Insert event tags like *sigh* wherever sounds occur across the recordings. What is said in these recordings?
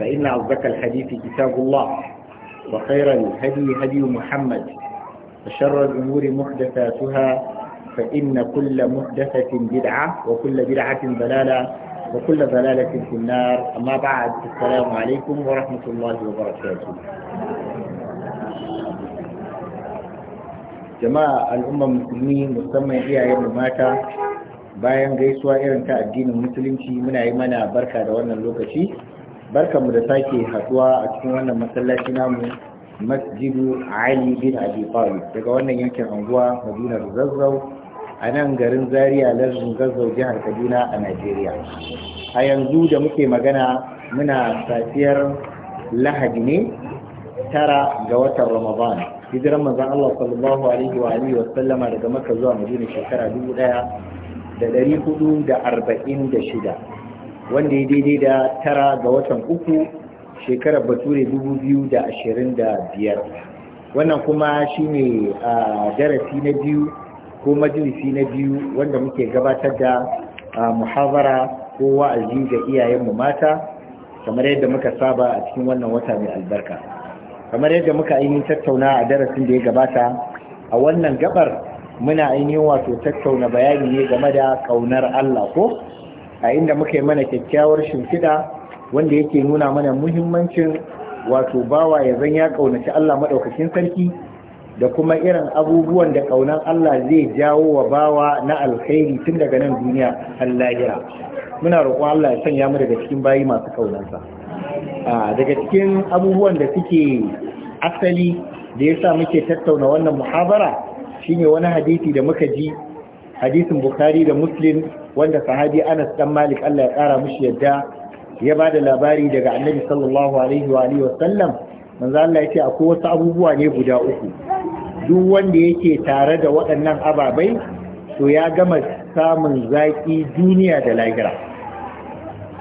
فإن أصدق الحديث كتاب الله وخير الهدي هدي محمد وشر الأمور محدثاتها فإن كل محدثة بدعة وكل بدعة ضلالة وكل ضلالة في النار أما بعد السلام عليكم ورحمة الله وبركاته jama'a المسلمين musulmi هي أيام الماتة bayan gaisuwa irin ta addinin musulunci muna yi mana barka da wannan lokaci barkanmu da sake haduwa a cikin wannan masallaci namu masjidu ali bin abi talib daga wannan yankin anguwa madina zazzau a nan garin zaria lardin zazzau jihar kaduna a najeriya a yanzu da muke magana muna safiyar lahadi ne tara ga watan ramadan hijiran manzon allah sallallahu alaihi wa alihi wa sallama daga maka zuwa madina shekara dubu daya da ɗari hudu da arba'in da shida wanda ya daidai da tara ga watan uku shekarar bature biyar. wannan kuma shine a darasi na biyu ko majalisi na biyu wanda muke gabatar da muhawara ko wa'azi ga iyayenmu mata kamar yadda muka saba a cikin wannan wata mai albarka kamar yadda muka ainihin tattauna a darasin da ya gabata a wannan gabar muna ainihin wato tattauna bayani ne game da ƙaunar Allah ko a inda muka yi mana kyakkyawar shimfiɗa wanda yake nuna mana muhimmancin wato bawa ya zan ya ƙaunaci Allah maɗaukakin sarki da kuma irin abubuwan da ƙaunar Allah zai jawo wa bawa na alkhairi tun daga nan duniya har lahira muna roƙon Allah ya sanya mu daga cikin bayi masu ƙaunarsa daga cikin abubuwan da suke asali da ya sa muke tattauna wannan muhabara shine wani hadisi da muka ji hadisin Bukhari da Muslim wanda sahabi Anas dan Malik Allah ya kara mushi yadda ya ba da labari daga Annabi sallallahu alaihi wa alihi wasallam manzo Allah yace akwai wasu abubuwa ne guda uku duk wanda yake tare da waɗannan ababai to ya gama samun zaki duniya da lahira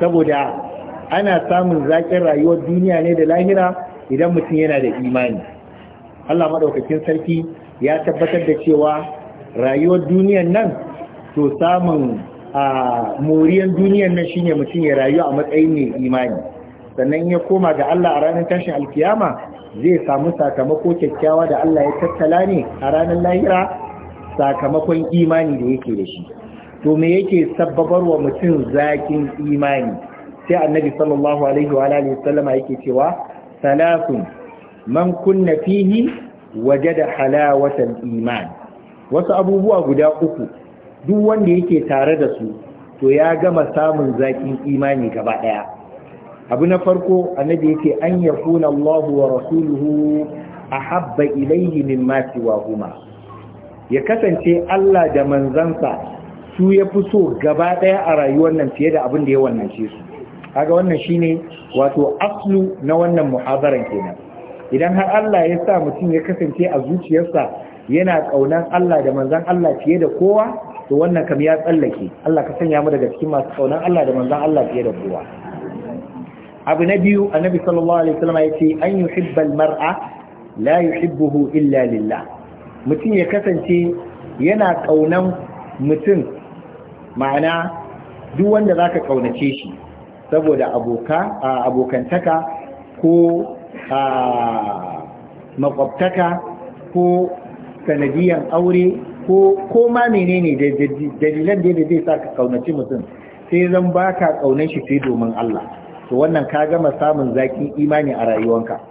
saboda ana samun zakin rayuwar duniya ne da lahira idan mutum yana da imani Allah maɗaukakin sarki ya tabbatar da cewa rayuwar duniyan nan to samun a moriyan duniyan nan shine mutum ya rayu a matsayin mai imani sannan ya koma ga Allah a ranar tashin alkiyama zai samu sakamako kyakkyawa da Allah ya tattala ne a ranar lahira sakamakon imani da yake da shi to me yake sabbabar wa mutum zakin imani sai annabi sallallahu alaihi wa alihi sallama yake cewa salatun man kunna fihi wajada halawatan iman wasu abubuwa guda uku duk wanda yake tare da su to ya gama samun zaƙin imani gaba ɗaya abu na farko annabi yake an yakuna Allah wa rasuluhu ahabba ilayhi mimma huma ya kasance Allah da manzansa su ya fi so gaba ɗaya a rayuwar nan fiye da abin da ya wannan su kaga wannan shine wato aslu na wannan muhabaran kenan idan har Allah ya sa mutum ya kasance a zuciyarsa yana ƙaunar Allah da manzan Allah fiye da kowa to wannan kam ya tsallake Allah ka sanya mu daga cikin masu kaunan Allah da manzon Allah fiye da kowa abu na biyu annabi sallallahu alaihi wasallam yace an yuhibba almar'a la yuhibbuhu illa lillah mutum ya kasance yana kaunan mutum ma'ana duk wanda zaka kaunace shi saboda aboka abokantaka ko makwabtaka ko sanadiyan aure ko ko ma menene dalilan da zai sa ka kaunaci mutum sai zan baka ka kaunar shi sai domin Allah to wannan ka gama samun zakin imani a rayuwanka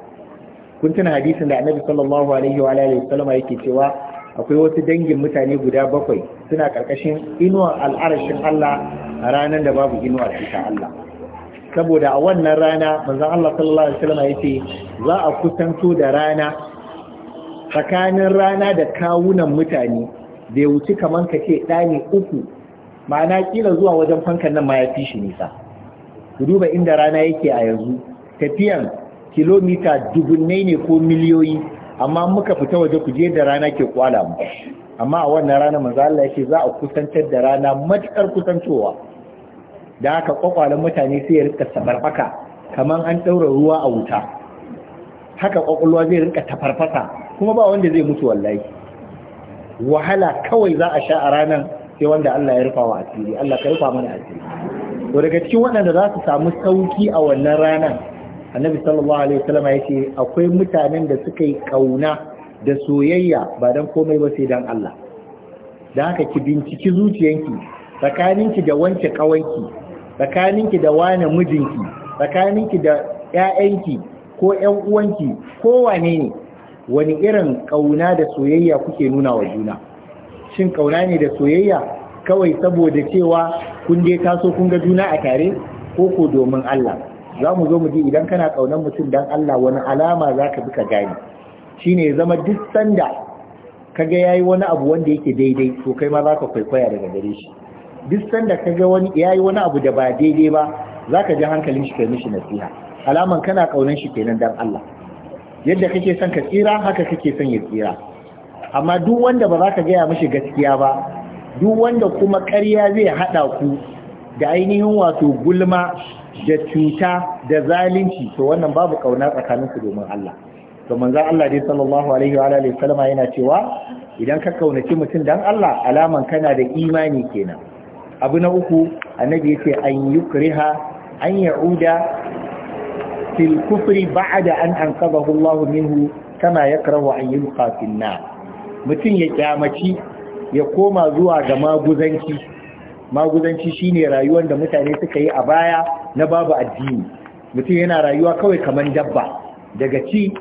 kun tuna hadisin da annabi sallallahu alaihi wa alihi yake cewa akwai wasu dangin mutane guda bakwai suna karkashin inuwar al'arashin Allah a ranar da babu inuwar ita Allah saboda a wannan rana manzon Allah sallallahu alaihi wasallama yake, za a kusanto da rana tsakanin rana da kawunan mutane bai wuci kamar ka ce ɗani uku ma'ana ƙila zuwa wajen fankan nan ma ya fi shi nisa ku duba inda rana yake a yanzu tafiyan kilomita dubunnai ne ko miliyoyi amma muka fita waje ku je da rana ke kwala mu amma a wannan rana manzo Allah ce za a kusantar da rana matukar kusantowa da haka kwakwalen mutane sai ya rika sabarfaka kaman an daura ruwa a wuta haka ƙwaƙwalwa zai rinka tafarfasa kuma ba wanda zai mutu wallahi wahala kawai za a sha a ranar sai wanda Allah ya rufa wa asiri Allah ka rufa mana asiri to daga cikin waɗanda za su samu sauki a wannan ranar annabi sallallahu alaihi wasallam ya ce akwai mutanen da suka yi kauna da soyayya ba dan komai ba sai dan Allah da haka ki binciki zuciyanki tsakaninki da wance kawanki tsakaninki da wane mijinki tsakaninki da ƴaƴanki ko ƴan uwanki ko wane ne wani irin kauna da soyayya kuke nuna wa juna shin kauna ne da soyayya kawai saboda cewa kun je taso kun ga juna a tare ko ko domin Allah za mu zo mu ji idan kana ƙaunar mutum dan Allah wani alama za ka bi ka gane shine ya zama duk sanda ka ya yayi wani abu wanda yake daidai to kai ma za ka kwaikwaya daga gare shi duk sanda ga wani yayi wani abu da ba daidai ba za ka ji hankalin shi kai mishi nasiha alaman kana ƙaunar shi kenan dan Allah yadda kake son ka tsira haka kake son ya tsira amma duk wanda ba za ka gaya mishi gaskiya ba duk wanda kuma ƙarya zai haɗa ku da ainihin wato gulma da cuta da zalunci to wannan babu ƙauna tsakanin su domin Allah to manzon Allah dai sallallahu alaihi wa alihi sallama yana cewa idan ka kaunaci mutum dan Allah alaman kana da imani kenan abu na uku annabi yace an yukriha an ya'uda Til kufri ba'a da an ankaba hulahu mihu tana yaka rahu ayyukan kafin na. Mutum ya ƙyamaci ya koma zuwa da maguzanci. Maguzanci shi rayuwar da mutane suka yi a baya na babu addini. Mutum yana rayuwa kawai kamar dabba. Daga ci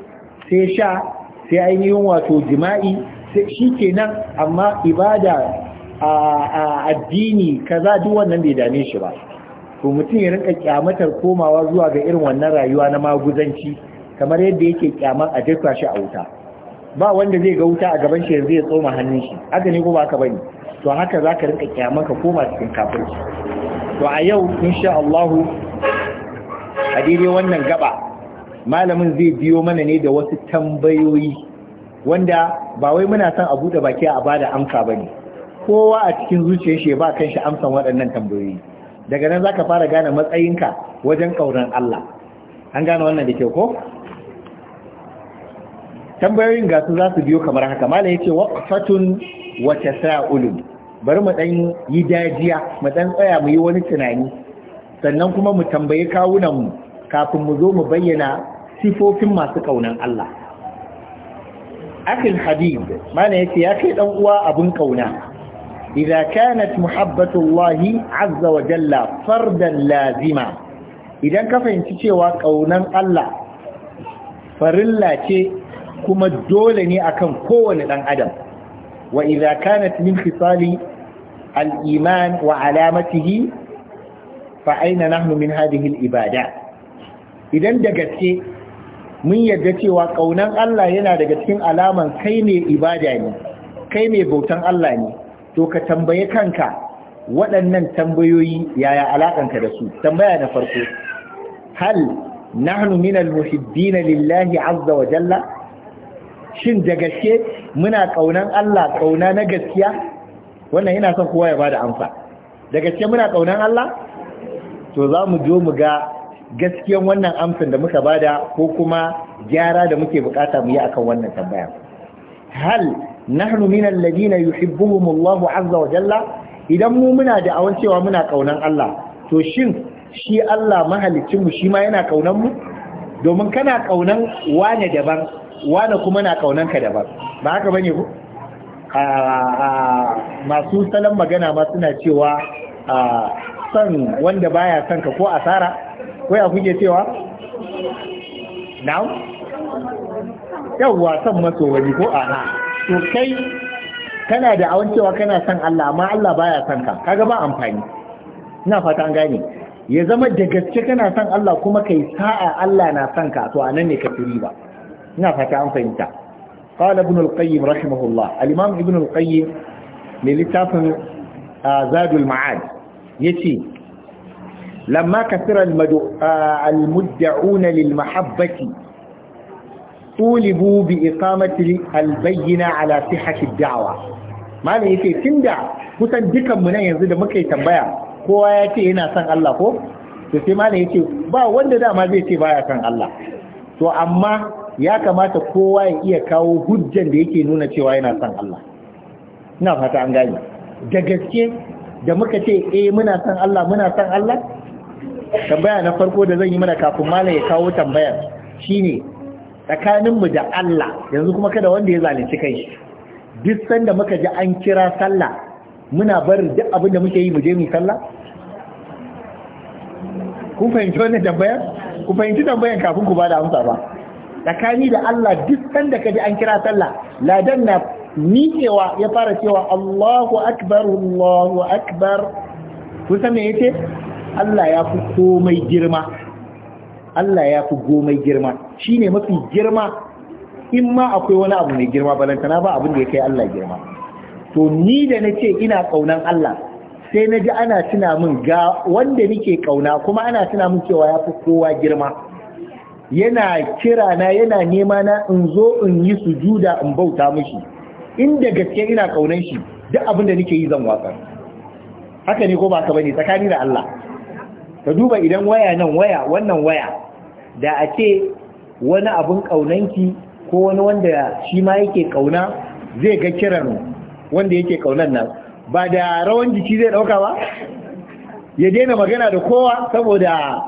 sai sha, sai ainihin wato jima'i, sai shi kenan amma ibada a addini kaza duk wannan bai dame shi ba. to mutum ya rinka kyamatar komawa zuwa ga irin wannan rayuwa na maguzanci kamar yadda yake kyamar a jefa shi a wuta ba wanda zai ga wuta a gaban shi yanzu ya tsoma hannun shi haka ne ko ba ka bane to haka zaka rinka kyamar ka koma cikin kafirci to a yau insha Allah a daidai wannan gaba malamin zai biyo mana ne da wasu tambayoyi wanda ba wai muna son a bude baki a bada amsa bane kowa a cikin zuciyar shi ba shi amsan waɗannan tambayoyi daga nan za ka fara gane matsayinka wajen ƙaunar Allah an gane wannan da kyau ko tambayoyin gasu za su biyo kamar haka malam yace waqfatun wa sa’ulun bari mu dan yi dajiya mu dan tsaya mu yi wani tunani sannan kuma mu tambayi kawunanmu kafin mu zo mu bayyana sifofin masu ƙaunar Allah akil habib malam yace ya kai ɗan uwa abin ƙauna. إذا كانت محبة الله عز وجل فردا لازما إذا كفين تشيوا قونا الله فرلا تي كما دولني أكن كون الأن أدم وإذا كانت من خصال الإيمان وعلامته فأين نحن من هذه الإبادات إذا دقت mun yadda cewa ƙaunan Allah yana daga cikin alaman kai ne ibada ne kai ne bautan Allah ne to ka tambaye kanka waɗannan tambayoyi yaya alaƙanka da su tambaya na farko hal nahnu minal muhibbin lillahi azza wa jalla shin da gaske muna kaunan Allah kauna na gaskiya wannan yana son kowa ya bada amsa da gaske muna kaunan Allah to za mu jo mu ga gaskiyan wannan amsan da muka bada ko kuma gyara da muke bukata mu yi akan wannan tambaya hal nahnu min alladhina yuhibbuhum Allahu azza wa jalla idan mu muna da awan cewa muna kaunan Allah to shin shi Allah mahalicin mu shi ma yana kaunan mu domin kana kaunan wane daban wane kuma na kaunan ka daban ba haka bane ko masu salon magana ma suna cewa son wanda baya son ka ko asara ko ya kuke cewa na'am yawwa san maso wani ko a'a to kai kana da awan cewa kana son Allah amma Allah baya son ka kaga ba amfani ina fata an gane ya zama da gaske kana son Allah kuma kai sa'a Allah na son ka to anan ne ka turi ba ina fata an fahimta qala ibn al-qayyim rahimahullah al-imam ibn al-qayyim ne littafin zadul ma'ad yace lamma kasira al-mud'una lil mahabbati ulibu bi iqamati albayyina ala sihhati da'wa malai yace tunda kusan dukan nan yanzu da muka yi tambaya kowa ya ce yana son Allah ko to sai malai yace ba wanda dama zai ce baya son Allah to amma ya kamata kowa iya kawo hujjan da yake nuna cewa yana son Allah ina fata an gane da gaske da muka ce e muna son Allah muna son Allah tambaya na farko da zan yi mana kafin malam ya kawo tambayar shine tsakaninmu da Allah yanzu kuma kada wanda ya zalunci kai duk sanda muka ji an kira sallah muna bar duk abin da muke yi mu je mu sallah ku fahimci wannan tambayar ku fahimci tambayar kafin ku bada amsa ba tsakani da Allah duk sanda ka ji an kira sallah ladan na miƙewa ya fara cewa Allahu akbar Allahu akbar kun san me yace Allah ya fi komai girma Allah ya fi komai girma Shi ne mafi girma in ma akwai wani abu mai girma balantana ba abin da ya kai Allah girma to ni da na ce ina ƙaunan Allah sai na ji ana tuna min ga wanda nake ƙauna kuma ana tuna min cewa ya fi kowa girma yana kira na yana nema na in zo in yi sujuda in bauta mishi inda gaske ina ƙaunan shi duk abin da nake yi zan wasa, haka ne ko ba ka bane tsakani da Allah ka duba idan waya nan waya wannan waya da a ce wani abun ƙaunanki ko wani wanda shi ma yake ƙauna zai ga kiran wanda yake ƙaunan nan ba da rawan jiki zai ɗauka ba ya daina magana da kowa saboda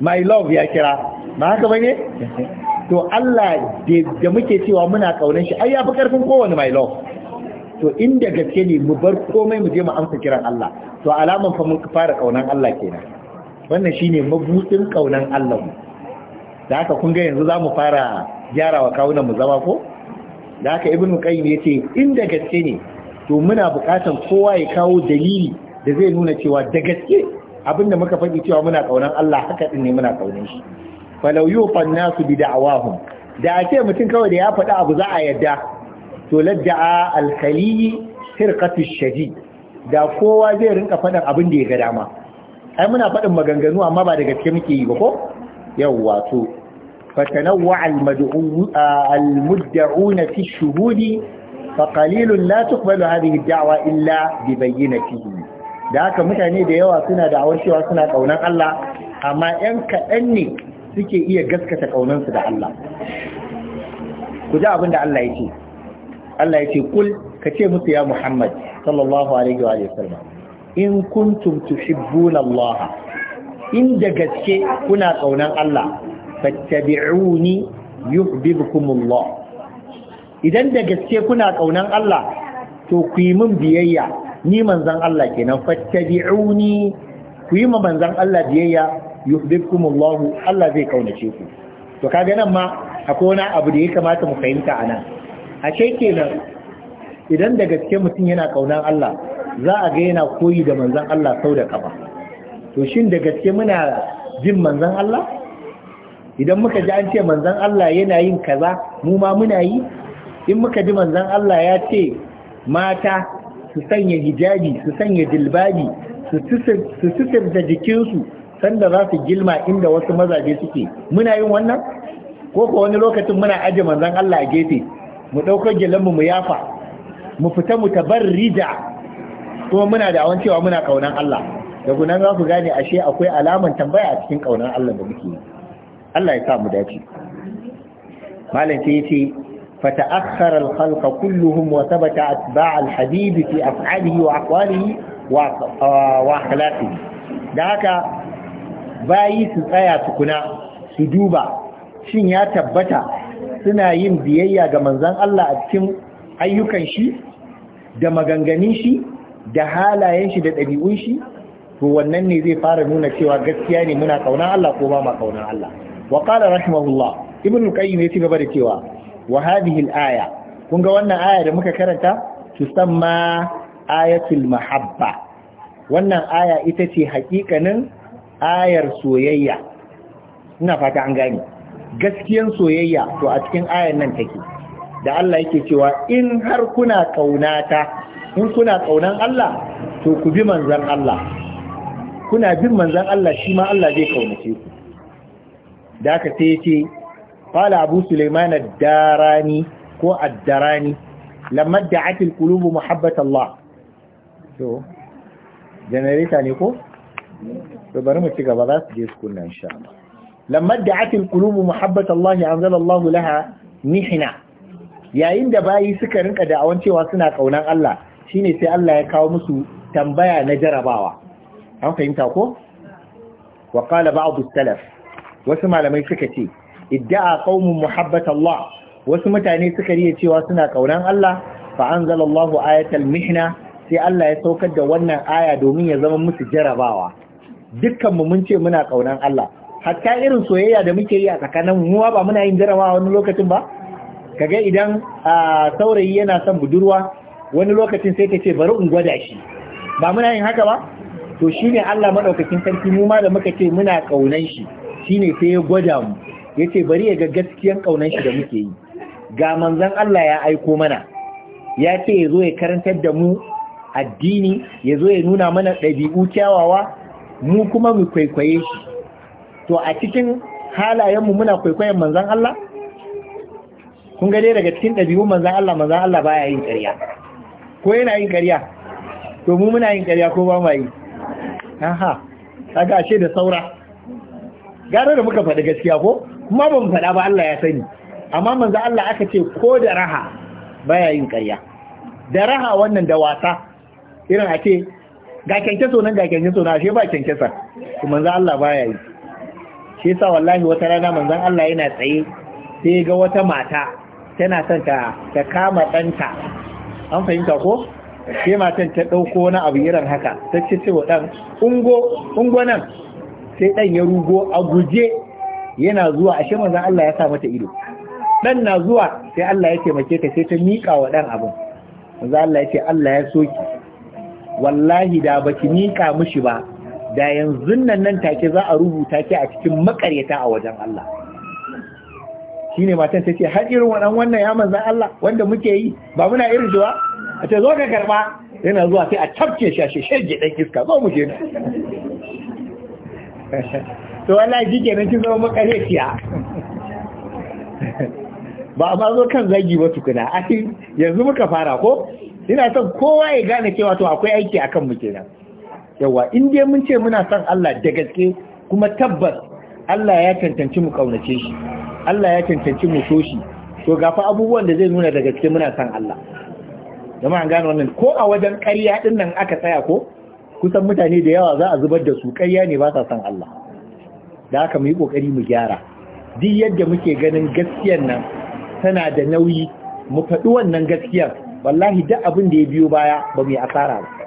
my love ya kira ma haka bane *laughs* to Allah da muke cewa muna ƙaunan shi ai ya fi ƙarfin kowane my love to inda gaske ne mu bar komai mu je mu amsa kiran Allah to alaman fa mun fara kaunan Allah kenan wannan shine mabutsin ƙaunan Allah mu da haka kun ga yanzu za mu fara gyara wa kawunan mu zama ko da aka haka ibn qayyim yace inda gaske ne to muna bukatan kowa ya kawo dalili da zai nuna cewa da gaske abinda muka faɗi cewa muna kaunan Allah haka din ne muna kaunan shi falau yufan nasu bi da'awahum da a ce mutum kawai da ya faɗi abu za a yadda to ladda'a alkaliyi firqatu shadid da kowa zai rinka faɗin abin da ya ga dama ai muna faɗin maganganu amma ba da gaske muke yi ba ko yawwa to fatanawwa ah, al-mudda'una fi shuhudi faƙalilun la tuqbalu hadhihi da'wa illa bi bayyinatihi da haka mutane da yawa suna da'awar cewa suna kaunar Allah amma yan kaɗan ne suke iya gaskata kaunansu da Allah ku ji abin da Allah yake Allah yake kul ka ce musu ya Muhammad sallallahu alaihi wa sallam in kuntum tuhibbuna Allah inda gaske kuna tsaunan Allah fattabi'uni yuhibbukumullah idan da gaske kuna kaunan Allah to ku yi min biyayya ni manzon Allah kenan fattabi'uni ku yi manzon Allah biyayya yuhibbukumullah Allah zai kaunace ku to kaga nan ma akwai wani abu da ya kamata mu fahimta anan ashe kenan idan da gaske mutum yana kaunan Allah za a ga yana koyi da manzon Allah sau da kafa to shin da gaske muna jin manzan Allah idan muka ji an ce manzan Allah yana yin kaza mu ma muna yi in muka ji manzan Allah ya ce mata su sanya hijabi su sanya dilbabi su sutur da jikinsu sanda za su gilma inda wasu mazaje suke muna yin wannan ko ko wani lokacin muna aje manzan Allah a gefe mu ɗaukar gilanmu mu yafa mu fita mu rija kuma muna da awan cewa muna kaunan Allah da gunan za ku gane ashe akwai alaman tambaya a cikin ƙaunar Allah da muke Allah ya sa mu dace malam sai yace fata'akhkhara al-khalqa kulluhum wa thabata atba' al-habib fi af'alihi wa aqwalihi wa uh, akhlaqihi da haka bayi su tsaya tukuna su duba shin ya tabbata suna yin biyayya ga manzon Allah a cikin ayyukan shi da maganganun shi da halayen shi da ɗabi'un shi to wannan ne zai fara nuna cewa gaskiya ne muna kauna Allah ko ba ma kauna Allah wa qala rahimahullah ibn qayyim ya ci gaba da cewa wa hadhihi al-aya kun ga wannan aya da muka karanta tusamma ayatul mahabba wannan aya ita ce hakikanin ayar soyayya ina fata an gane gaskiyan soyayya to a cikin ayar nan take da Allah yake cewa in har kuna kaunata in kuna kaunan Allah to ku bi manzon Allah kuna bin manzan Allah shi ma Allah zai kaunace ku da aka sai ce qala abu Suleiman ad-darani ko ad-darani lamma da'at al-qulub muhabbat Allah ne ko to bari mu ci gaba za su je su kunna insha Allah lamma da'at al-qulub muhabbat Allah anzala Allah laha mihna yayin da bayi suka rinka da'awan cewa suna kaunan Allah shine sai Allah ya kawo musu tambaya na jarabawa an fahimta ko wa qala ba'd salaf wasu malamai suka ce idda'a qaumun muhabbata Allah wasu mutane suka riya cewa suna kaunan Allah fa anzalallahu ayatal mihna sai Allah ya saukar da wannan aya domin ya zama musu jarabawa dukkan mu mun ce muna kaunan Allah hatta irin soyayya da muke yi a tsakanin mu ba muna yin a wani lokacin ba kaga idan saurayi yana son budurwa wani lokacin sai ta ce bari in gwada shi ba muna yin haka ba to shi ne Allah maɗaukakin sarki mu ma da muka ce muna ƙaunan shi shine sai ya gwada mu Ya ce bari ya ga gaskiyan ƙaunan shi da muke yi ga manzan Allah ya aiko mana ya ce ya zo ya karantar da mu addini ya zo ya nuna mana ɗabi'u kyawawa mu kuma mu kwaikwaye shi to a cikin halayenmu muna kwaikwayon manzan Allah kun ga dai daga cikin ɗabi'un manzan Allah manzan Allah baya yin ƙarya ko yana yin ƙarya to mu muna yin ƙarya ko ba ma yi aha kaga ashe da saura gara da muka faɗi gaskiya ko kuma ba mu faɗa ba Allah ya sani amma manzo Allah aka ce ko da raha baya yin ƙarya da raha wannan da wasa irin a ce ga kyankyaso nan ga kyankyaso na ashe ba kyankyasa manzo Allah baya yi shi yasa wallahi wata rana manzo Allah yana tsaye sai ga wata mata tana son ta kama ɗanta an fahimta ko sai matan ta ɗauko na abu irin haka ta ce ce wa ɗan ungo nan sai ɗan ya rugo a guje yana zuwa ashe manzan Allah ya sa mata ido ɗan na zuwa sai Allah ya taimake ta sai ta miƙa wa ɗan abin manzan Allah ya ce Allah ya soki wallahi da baki miƙa mishi ba da yanzu nan nan take za a rubuta ki a cikin makaryata a wajen Allah shine matan ta ce har irin wannan ya manzan Allah wanda muke yi ba muna irin zuwa? a ce zo ka karba yana zuwa sai a tafke shi a shege ɗan iska zo mu je *laughs* to wala shi kenan kin zama siya *laughs* ba a zo kan zagi ba tukuna *laughs* ai yanzu muka fara ko ina son kowa ya gane cewa to akwai aiki akan mu kenan yawa in dai mun ce muna son Allah da gaske kuma tabbas Allah ya cancanci mu kaunace shi Allah ya cancanci mu so shi to gafa abubuwan da zai nuna da gaske muna son Allah jama'a gane wannan ko a wajen ƙarya ɗin nan aka tsaya ko kusan mutane da yawa za a zubar da su ƙarya ne ba sa san Allah da haka mu yi ƙoƙari mu gyara duk yadda muke ganin gaskiyar nan tana da nauyi mu faɗi wannan gaskiyar wallahi duk abin da ya biyo baya ba mu yi asara ba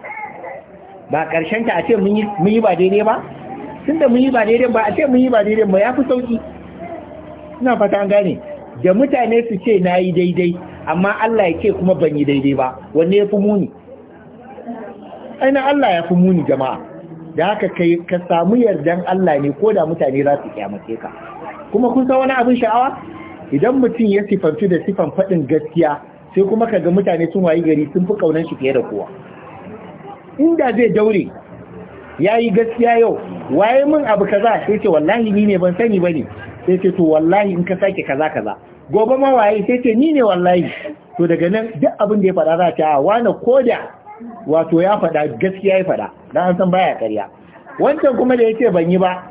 ba ƙarshen ta a ce mun yi ba daidai ba Tun da mun yi ba daidai ba a ce mun yi ba daidai ba ya fi sauki ina fata an gane da mutane su ce na yi daidai amma Allah ya ce kuma ban yi daidai ba wanne ya fi muni aina Allah ya fi muni jama'a da haka kai ka samu yardan Allah ne ko da mutane za su kyamace ka kuma kun san wani abin sha'awa idan mutum ya sifantu da sifan faɗin gaskiya sai kuma kaga mutane sun wayi gari sun fi kaunan shi fiye da kowa inda zai daure ya yi gaskiya yau waye min abu kaza sai ce wallahi ni ne ban sani bane sai ce to wallahi in ka sake kaza kaza gobe ma waye sai ce ni ne wallahi to daga nan duk abin da ya faɗa za ta wani koda wato ya faɗa gaskiya ya faɗa dan an san baya ƙarya wancan kuma da yace ban yi ba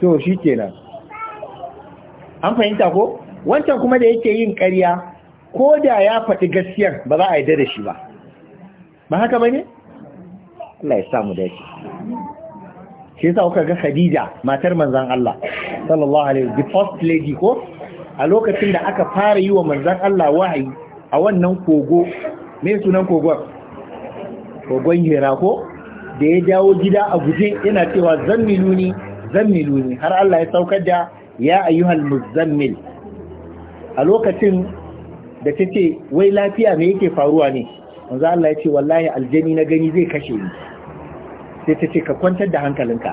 to shikenan an fahimta ko wancan kuma da yake yin ƙarya ko da ya faɗi gaskiya ba za a yi da shi ba ba haka ba ne? Allah ya samu dace shi yasa kuka ga Khadija matar manzon Allah sallallahu alaihi the first lady ko a lokacin da aka fara yi wa manzon Allah wahayi a wannan kogo me sunan kogon kogon hira ko da ya jawo gida a guje yana cewa zammiluni zammiluni har Allah ya saukar da ya ayyuhal muzammil a lokacin da tace wai lafiya me yake faruwa ne manzon Allah ya ce wallahi aljani na gani zai kashe ni sai ta ce ka kwantar da hankalinka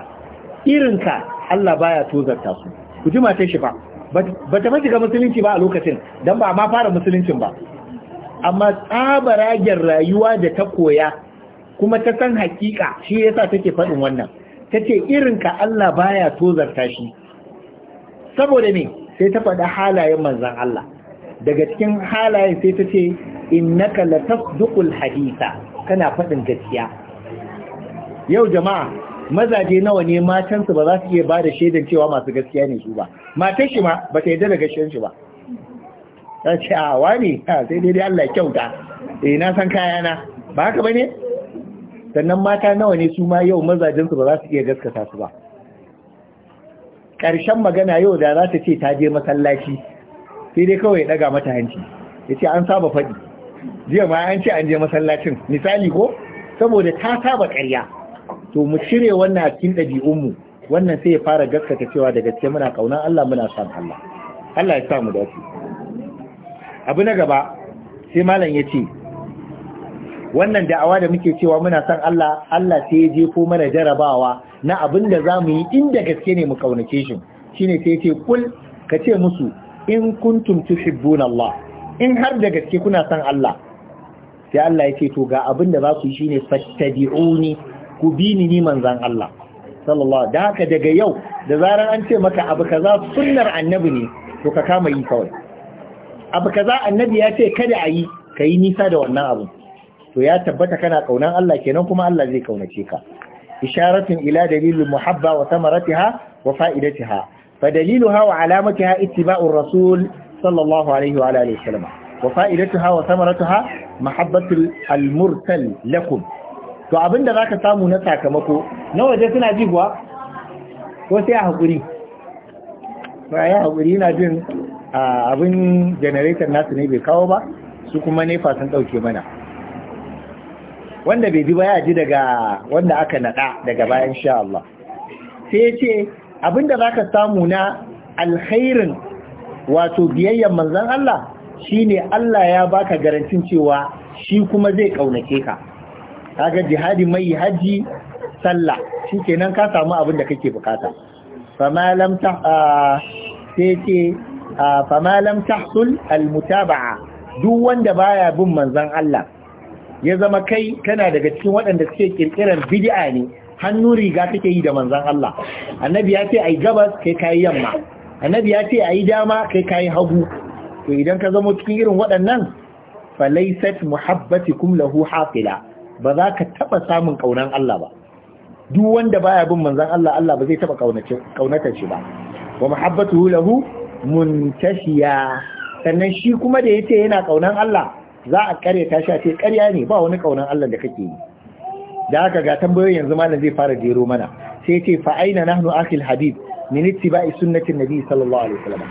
irinka Allah baya tozarta su ku ji matar shi ba ba ta mace ga musulunci ba a lokacin don ba ma fara musuluncin ba amma tsabaragen rayuwa da ta koya kuma ta san hakika shi yasa take faɗin wannan ta ce irinka Allah baya tozarta shi saboda ne sai ta faɗa halayen manzan Allah daga cikin halayen sai ta ce innaka latasduqul hadisa kana faɗin gaskiya yau jama'a mazaje nawa ne matansu ba za su iya ba da shaidan cewa masu gaskiya ne su ba matan shi ma ba ta yarda da gaskiyar shi ba ta ce a wani sai dai dai Allah kyauta eh na san na ba haka bane sannan mata nawa ne su ma yau mazajensu ba za su iya gaskata su ba Karshen magana yau da za ta ce ta je masallaci sai dai kawai ya ɗaga mata hanci ya ce an saba faɗi jiya ma an ce an je masallacin misali ko saboda ta saba ƙarya to mu shirye wannan a cikin ɗabi'unmu wannan sai ya fara gaskata cewa da gaske muna kauna Allah muna son Allah Allah ya sa mu dace abu na gaba sai malam ya ce wannan da'awa da muke cewa muna son Allah Allah sai ya je ko mana jarabawa na abin da za mu yi inda gaske ne mu kaunace shi shine sai ya ce kul ka ce musu in kuntum tuhibbuna Allah in har da gaske kuna son Allah sai Allah ya ce to ga abin da za ku yi shine fattabi'uni ku bi ni ni manzan Allah sallallahu da haka daga yau da zaran an ce maka abu kaza sunnar annabi ne to ka kama yi kawai abu kaza annabi ya ce kada a yi ka yi nisa da wannan abu to ya tabbata kana kaunan Allah kenan kuma Allah zai kaunace ka isharatin ila dalilul muhabba wa samaratiha wa fa'idatiha fa daliluha wa alamatiha ittiba'ur rasul sallallahu alaihi wa alihi wa sallam وفائدتها وثمرتها محبة murtal لكم to abin da zaka samu na sakamako na waje suna ji kuwa ko sai a hakuri ba ya hakuri na jin abin generator nasu ne bai kawo ba su kuma nefa sun ɗauke mana wanda bai ji ba ya ji daga wanda aka naɗa daga bayan sha Allah sai ya ce abin da zaka samu na alkhairin wato biyayyan manzon Allah shine Allah ya baka garantin cewa shi kuma zai ƙaunace ka kaga jihadi mai haji sallah shikenan ka samu abin da kake bukata fama lam ta ce fama lam tahsul al mutaba'a duk wanda baya bin manzon Allah ya zama kai kana daga cikin waɗanda suke kirkiran bid'a ne hannu riga kake yi da manzon Allah annabi ya ce ai gabas kai kai yamma annabi ya ce ai dama kai kai hagu to idan ka zama cikin irin waɗannan falaisat muhabbatikum lahu hafila ba za ka taɓa samun kaunan Allah ba duk wanda baya bin manzan Allah Allah ba zai taɓa ƙaunatar shi ba wa hulahu lahu tashiya. sannan shi kuma da ya ce yana kaunan Allah za a ƙarya ta sha ce ƙarya ne ba wani ƙaunan Allah da kake yi da haka ga tambayoyin yanzu malam zai fara jero mana sai ce fa aina nahnu akhil habib min ittiba'i sunnati nabi sallallahu alaihi wasallam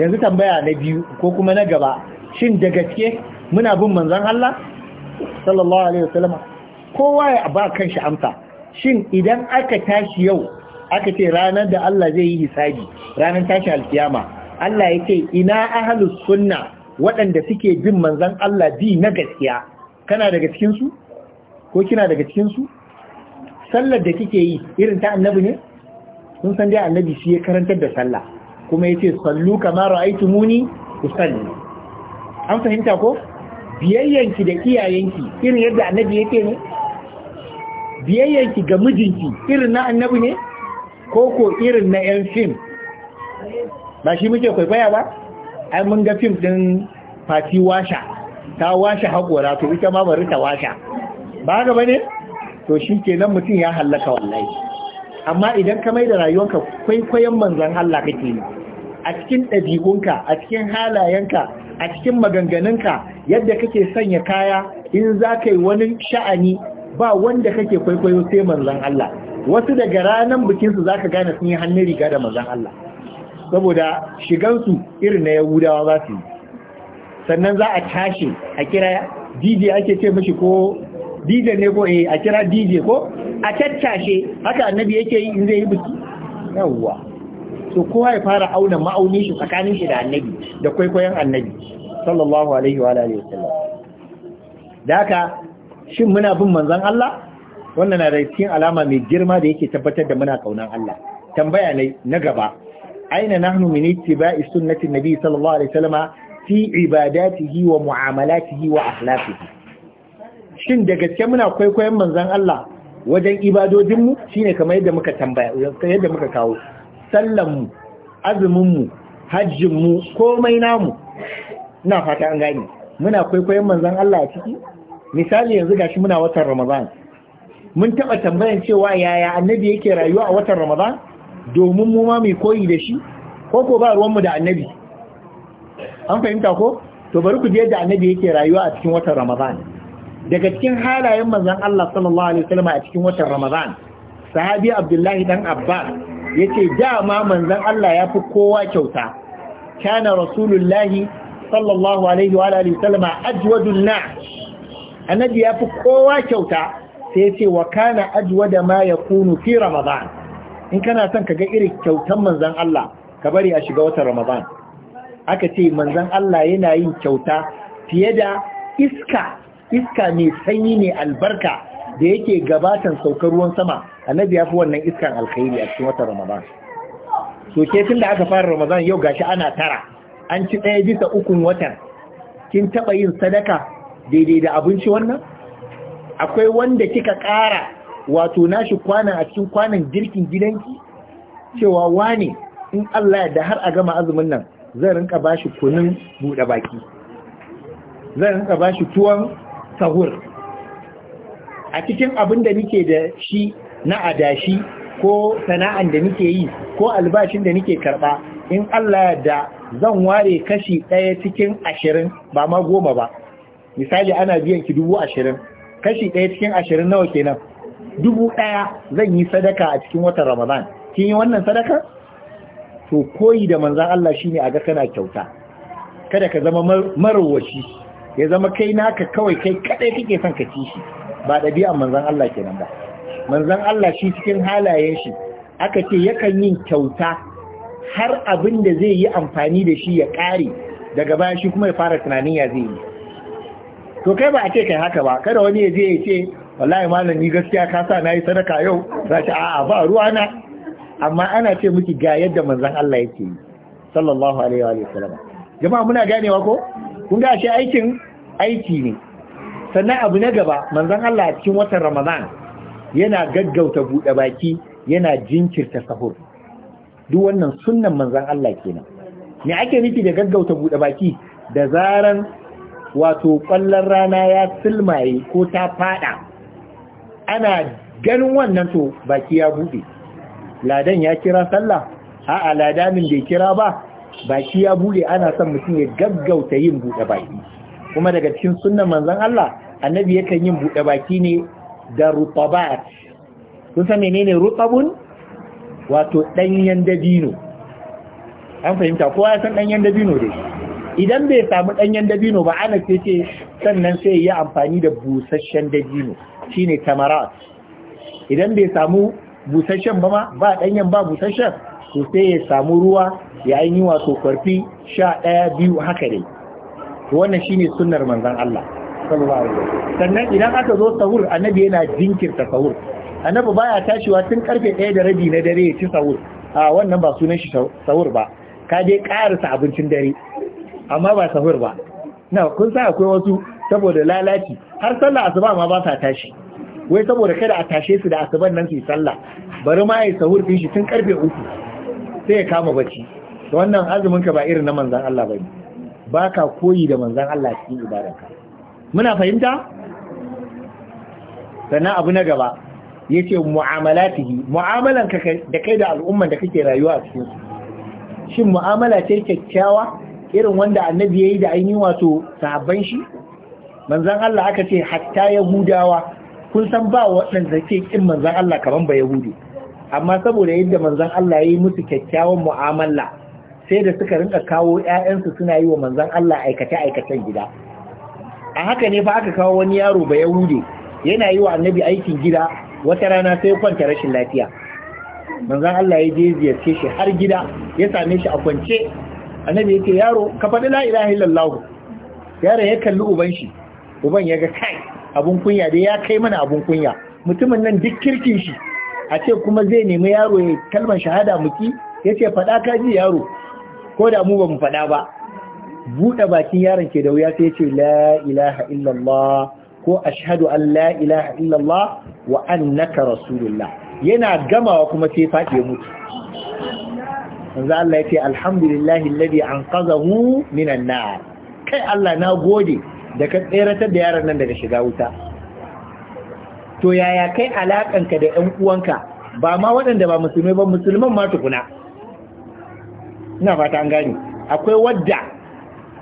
yanzu tambaya na biyu ko kuma na gaba shin da gaske muna bin manzan Allah sallallahu alaihi wasallam kowa ya ba kanshi amsa shin idan aka tashi yau aka ce ranar da Allah zai yi hisabi ranar tashi alkiyama Allah ya ce ina ahlus sunna waɗanda suke bin manzon Allah bi na gaskiya kana daga cikin su ko kina daga cikin su sallar da kike yi irin ta annabi ne kun san dai annabi shi ya karantar da sallah kuma yace sallu kama ra'aytumuni usalli an fahimta ko biyayyanki da iyayenki irin yadda annabi ya ce ne biyayyanki ga mijinki irin na annabi ne ko ko irin na yan fim ba shi muke kwaikwaya ba ai mun ga fim din fati washa ta washa haƙora to ita ma bari ta washa ba ba ne? to shi kenan mutum ya hallaka wallahi amma idan ka mai da rayuwanka kwaikwayon manzon Allah kake ne a cikin ɗabi'unka a cikin halayenka a cikin maganganunka yadda kake sanya kaya in za ka yi wani sha'ani ba wanda kake kwaikwayo sai manzan Allah wasu daga ranar bikinsu za ka gane sun yi hannun riga da manzan Allah saboda shigansu irin na yahudawa za su yi sannan za a tashi a kira dj ake ce mashi ko dj ne ko eh a kira dj ko a tattashe haka annabi yake yi in zai yi biki yawwa to kowa ya fara auna ma'auni shi tsakanin shi da annabi da kwaikwayon annabi sallallahu alaihi wa alihi wasallam da haka shin muna bin manzon Allah wannan na da cikin alama mai girma da yake tabbatar da muna kaunan Allah tambaya ne na gaba aina nahnu min ittiba'i sunnati nabi sallallahu alaihi wasallam fi ibadatihi wa mu'amalatihi wa akhlaqihi shin da gaske muna kwaikwayon manzon Allah wajen ibadodinmu shine kamar yadda muka tambaya yadda muka kawo sallanmu azuminmu hajjinmu komai namu ina fata an gani muna kwaikwayon manzan Allah a ciki misali yanzu gashi muna watan Ramadan mun taba tambayan cewa yaya annabi yake rayuwa a watan Ramadan domin mu ma mai koyi da shi ko ko ba ruwanmu da annabi an fahimta ko to bari ku je da annabi yake rayuwa a cikin watan Ramadan daga cikin halayen manzon Allah sallallahu alaihi wasallam a cikin watan Ramadan sahabi Abdullahi dan Abbas yace dama manzon Allah ya fi kowa kyauta kana rasulullahi sallallahu alaihi wa alihi sallama ajwadun na annabi ya fi kowa kyauta sai yace wa kana da ma yakunu fi ramadan in kana son ka ga irin kyautan manzon Allah ka bari a shiga watan ramadan aka ce manzon Allah yana yin kyauta fiye da iska iska mai sanyi ne albarka da yake gabatan saukar ruwan sama annabi ya fi wannan iskan alkhairi a cikin watan ramadan to ke tun da aka fara ramadan yau gashi ana tara an ci ɗaya bisa ukun watan kin taɓa yin sadaka daidai da abinci wannan akwai wanda kika ƙara wato nashi kwanan a cikin kwanan girkin gidanki cewa wane in Allah da har a gama azumin nan zan rinka bashi kunun buɗe baki zan rinka bashi tuwon sahur a cikin abin da nike da shi na adashi ko sana'an da nike yi ko albashin da nike karɓa in Allah da zan ware kashi ɗaya cikin ashirin ba ma goma ba misali ana biyan ki dubu ashirin kashi ɗaya cikin ashirin nawa kenan dubu ɗaya zan yi sadaka a cikin watan ramadan kin yi wannan sadaka to koyi da manzan Allah shi ne a ga kana kyauta kada ka zama marawaci ya zama kai naka kawai kai kaɗai kake son ka ci shi ba ɗabi'an manzan Allah kenan ba manzan Allah shi cikin halayen shi aka ce yakan yin kyauta har abin da zai yi amfani da shi ya ƙare daga baya shi kuma ya fara tunanin ya zai yi to kai ba a ce kai haka ba kada wani ya zai ce wallahi malami gaskiya ka sa yi sadaka yau za ta a'a ba ruwa na amma ana ce miki ga yadda manzan Allah yake yi sallallahu alaihi wa sallam jama'a muna ganewa ko kun ga shi aikin aiki ne sannan abu na gaba manzon Allah a cikin watan Ramadan yana gaggauta buɗe baki yana jinkirta sahur duk wannan sunnan manzon Allah kenan me ake nufi da gaggauta buɗe baki da zaran wato ƙwallon rana ya silmaye ko ta fada ana ganin wannan to baki ya buɗe ladan ya kira sallah a'a ladamin bai kira ba baki ya buɗe ana son mutum ya gaggauta yin buɗe baki kuma daga cikin sunnan manzon Allah annabi yakan yin buɗe baki ne da rutabat kun san menene rutabun wato danyen dabino an fahimta kowa ya san danyen dabino dai idan bai samu danyen dabino ba ana ce ce sannan sai ya amfani da busasshen dabino shine tamarat idan bai samu busasshen ba ma ba danyen ba busasshen to sai ya samu ruwa ya yi wato kwarfi sha ɗaya biyu haka dai wannan shine sunnar manzon Allah sallallahu alaihi wasallam sannan idan aka zo sahur annabi yana jinkirta sahur annabi baya tashiwa tun karfe 1 da rabi na dare ya ci sahur a wannan ba sunan shi sahur ba ka je karasa abincin dare amma ba sahur ba na kun sa akwai wasu saboda lalaci har sallah asuba ma ba sa tashi wai saboda kada a tashe su da asuban nan su sallah bari ma yi sahur din shi tun karfe uku sai ya kama bacci wannan azumin ka ba irin na manzon Allah bane ba ka koyi da manzan Allah cikin ibadarka muna fahimta sannan abu na gaba ya ce mu'amalatihi mu'amalan da kai da al'umman da kake rayuwa a cikin su shin mu'amala ce kyakkyawa irin wanda annabi ya yi da ainihin wato sahabban shi manzan Allah aka ce hatta yahudawa kun san ba waɗanda ke kin manzan Allah kamar ba yahudi amma saboda yadda manzan Allah ya yi musu kyakkyawan mu'amala sai da suka rinka kawo ƴaƴansu suna yi wa manzon Allah aikace aikacen gida a haka ne fa aka kawo wani yaro ba yahude yana yi wa annabi aikin gida wata rana sai kwanta rashin lafiya manzon Allah ya je ziyarce shi har gida ya same shi a kwance annabi yake yaro ka faɗi la ilaha illallah yaro ya kalli uban shi uban ya ga kai abun kunya dai ya kai mana abun kunya mutumin nan duk kirkin shi a ce kuma zai nemi yaro ya kalmar shahada muki ya ce faɗa ka ji yaro ko da mu ba mu faɗa ba buɗe bakin yaron ke da wuya sai ce la ilaha illallah ko ashhadu an la ilaha illallah wa annaka rasulullah yana gamawa kuma sai faɗi ya mutu manzo Allah ce, alhamdulillahi alladhi anqadhahu minan nar kai Allah na gode da ka tseratar da yaron nan daga shiga wuta to yaya kai alakanka da ƴan uwanka ba ma waɗanda ba musulmai ba musulman ma tukuna ina fata an gani akwai wadda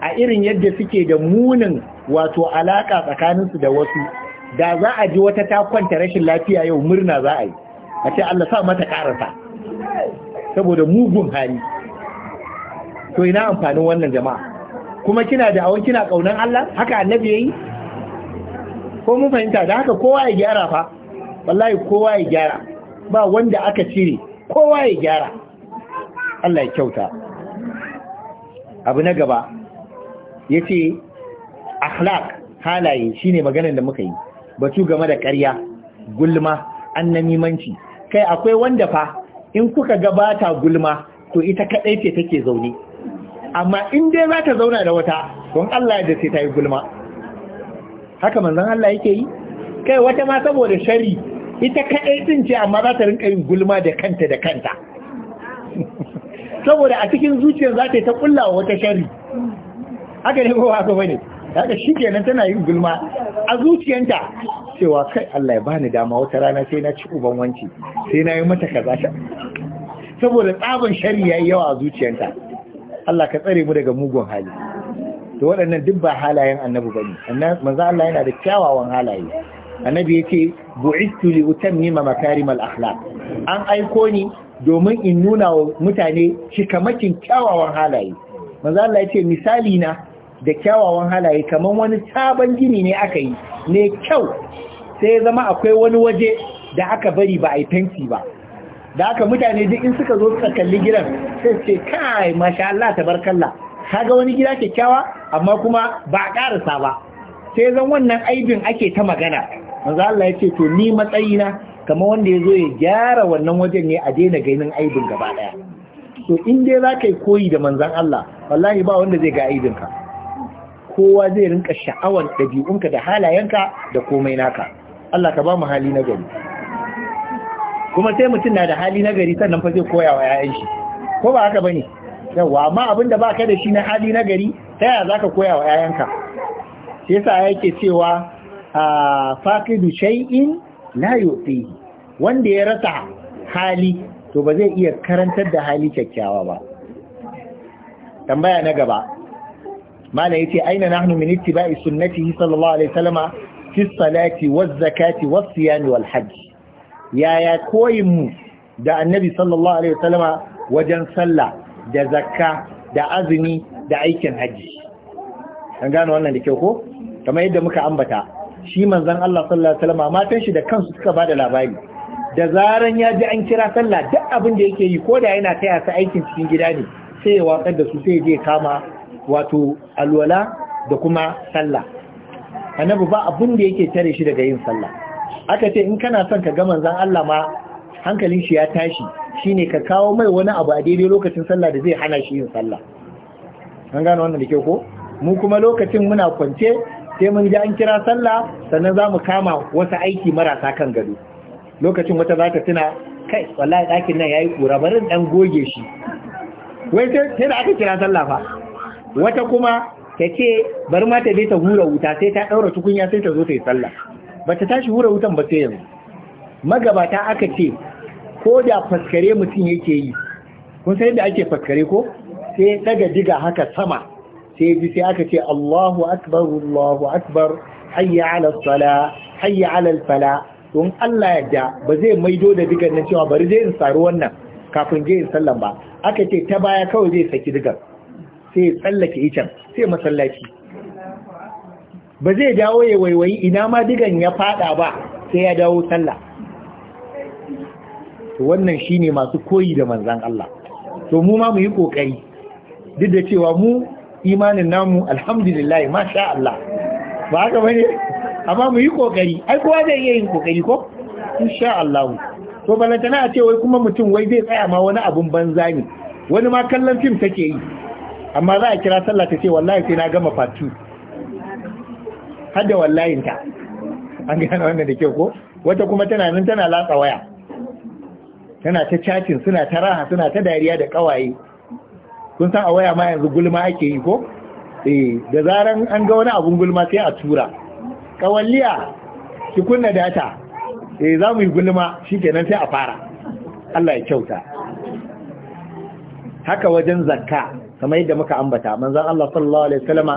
a irin yadda suke da munin wato alaka tsakaninsu da wasu da za a ji wata ta kwanta rashin lafiya yau murna za a yi a ce Allah sa mata karasa saboda mugun hali to ina amfanin wannan jama'a kuma kina da awon kina kaunan Allah haka annabi yayi ko mun fahimta da haka kowa ya gyara fa wallahi kowa ya gyara ba wanda aka cire kowa ya gyara Allah ya kyauta abu na gaba ya ce akhlaq halaye shine maganar da muka yi batu game da ƙarya gulma annamimanci kai akwai wanda fa in kuka gabata gulma to ita kadai ce take zaune amma in dai za ta zauna da wata don Allah da sai ta yi gulma haka manzon Allah yake yi kai wata ma saboda shari ita kaɗai din ce amma za ta rinka yin gulma da kanta da kanta saboda a cikin zuciyar za ta yi ta kulla wata shari haka ne kowa haka bane haka shi kenan tana yin gulma a zuciyanta cewa kai Allah ya bani dama wata rana sai na ci uban wanci sai na yi mata kaza ta saboda tsaban shari ya yi yawa a zuciyanta Allah ka tsare mu daga mugun hali to waɗannan duk ba halayen annabi bane annabi manzo Allah yana da kyawawan halaye annabi yace bu'istu li utammima makarimal akhlaq an aiko ni domin in nuna wa mutane shikamakin kyawawan halaye manzo ya ce misali na da kyawawan halaye kamar wani sabon gini ne aka yi ne kyau sai ya zama akwai wani waje da aka bari ba a yi fenti ba da aka mutane duk in suka zo suka kalli gidan sai ce kai masha Allah tabarkallah kaga wani gida kyakkyawa amma kuma ba a karasa ba sai zan wannan aibin ake ta magana manzo Allah ya ce to ni matsayina kamar wanda ya zo ya gyara wannan wajen ne a daina gainin aibin gaba daya so in dai za ka yi koyi da manzan Allah wallahi ba wanda zai ga aibinka kowa zai rinka sha'awar ɗabi'unka da halayenka da komai naka Allah ka ba mu hali na gari kuma sai mutum na da hali na gari sannan fa zai koya wa 'ya'yan shi ko ba haka bane yawa amma abin da baka da shi na hali na gari ta yaya zaka koya wa 'ya'yanka sai yasa yake cewa a ah, faqidu shay'in la yu'tihi wanda ya rasa hali to ba zai iya karantar da hali kyakkyawa ba tambaya na gaba mala yace aina nahnu min ittiba'i sunnatihi sallallahu alaihi wasallama fi salati waz zakati was siyami wal hajj yaya koyin mu da annabi sallallahu alaihi wasallama wajen sallah da zakka da azumi da aikin haji an gano wannan da kyau ko kamar yadda muka ambata shi manzon Allah sallallahu alaihi wasallama matan shi da kansu suka bada labari da zaran ya ji an kira sallah duk abin da yake yi ko da yana taya sa aikin cikin gida ne sai ya watsar da su sai zai kama wato alwala da kuma sallah annabi ba abin da yake tare shi daga yin sallah aka ce in kana son ka ga manzon Allah ma hankalin shi ya tashi shine ka kawo mai wani abu a daidai lokacin sallah da zai hana shi yin sallah an gano wannan da ke ko mu kuma lokacin muna kwance sai mun ji an kira sallah sannan za mu kama wasu aiki marasa kan gado lokacin wata za ta tuna kai wallahi ɗakin nan ya yi ƙura barin ɗan goge shi wai sai da aka kira sallah fa wata kuma ta ce bari ma ta je ta hura wuta sai ta ɗaura tukunya sai ta zo ta yi sallah ba ta tashi hura wutan ba sai yanzu magabata aka ce ko da faskare mutum yake yi kun san yadda ake faskare ko sai daga diga haka sama sai ji sai aka ce Allahu akbar Allahu akbar hayya ala sala hayya ala fala to in Allah ya da ba zai maido da digan nan cewa bari zai in wannan kafin je in sallan ba aka ce ta baya kawai zai saki digan sai tsallake icen sai masallaci ba zai dawo ya waiwayi ina ma digan ya fada ba sai ya dawo sallah to wannan shine masu koyi da manzan Allah to mu ma mu yi kokari duk da cewa mu imanin namu alhamdulillah masha Allah ba haka bane amma mu yi kokari ai kowa zai iya yin kokari ko insha Allah to balantana a ce wai kuma mutum wai zai tsaya ma wani abun banza ne wani ma kallon fim take yi amma za a kira sallah ta ce wallahi sai na gama fatu 2 hadda wallahi ta an gane wannan da ke ko wata kuma tana nan tana latsa waya tana ta chatting suna ta raha suna ta dariya da kawaye kun san a waya ma yanzu gulma ake yi ko eh da zaran an ga wani abun gulma sai a tura kawalliya ki kunna data eh za mu yi gulma shikenan sai a fara Allah ya kyauta haka wajen zakka kamar yadda muka ambata manzon Allah sallallahu alaihi wasallama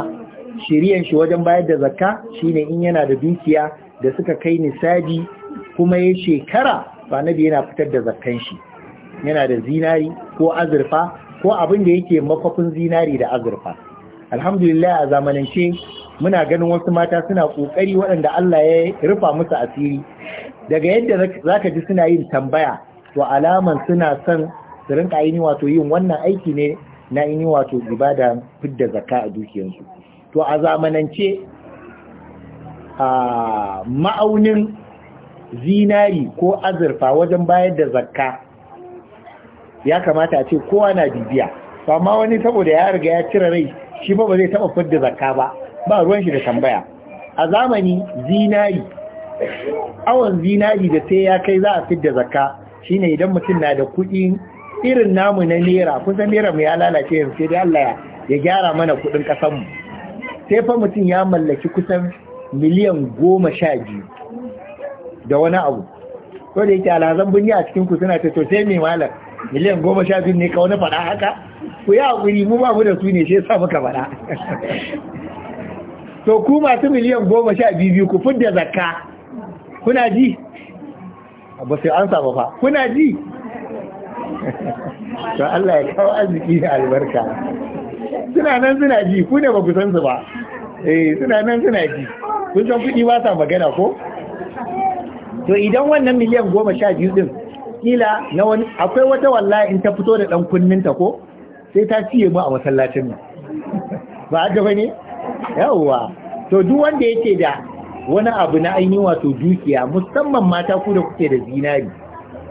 shiriyan shi wajen bayar da zakka shine in yana da dukiya da suka kai nisabi kuma ya shekara ba nabi yana fitar da zakkan shi yana da zinari ko azurfa ko abin da yake makwafin zinari da azurfa alhamdulillah a zamanin zamanance muna ganin wasu mata suna kokari waɗanda Allah ya rufa musu asiri daga yadda zaka ji suna yin tambaya to alaman suna son su rinka yi wato yin wannan aiki ne na yi wato ibada fidda zakka a dukiyarsu to a zamanance a ma'aunin zinari ko azurfa wajen bayar da zakka ya kamata a ce kowa na bibiya amma wani saboda ya riga ya cire rai shi ba ba zai taba fidda zakka ba ba ruwan shi da tambaya a zamani zinari awon zinari da sai ya kai za a fidda zakka shine idan mutum na da kuɗi irin namu na naira kusan naira mu ya lalace yanzu sai dai Allah ya gyara mana kuɗin ƙasar mu sai fa mutum ya mallaki kusan miliyan goma sha biyu da wani abu ko da yake alhazan birni a cikin ku suna ta to sai mai malam miliyan goma sha biyu ne ka wani faɗa haka ku yi haƙuri mu ba mu da su ne sai sa muka faɗa *laughs* to ku masu miliyan goma sha biyu ku fidda zakka kuna ji ba sai an saba fa kuna ji to Allah ya kawo arziki da albarka suna nan suna ji ku ne ba ku san su ba eh suna nan suna ji kun san kuɗi ba sa magana ko to idan wannan miliyan goma sha biyu din kila na wani akwai wata wallahi in ta fito da dan kunninta ko sai ta ciye mu a masallacin nan ba haka bane yawwa to duk wanda yake da wani abu na ainihin wato dukiya musamman mata ku da kuke da zinari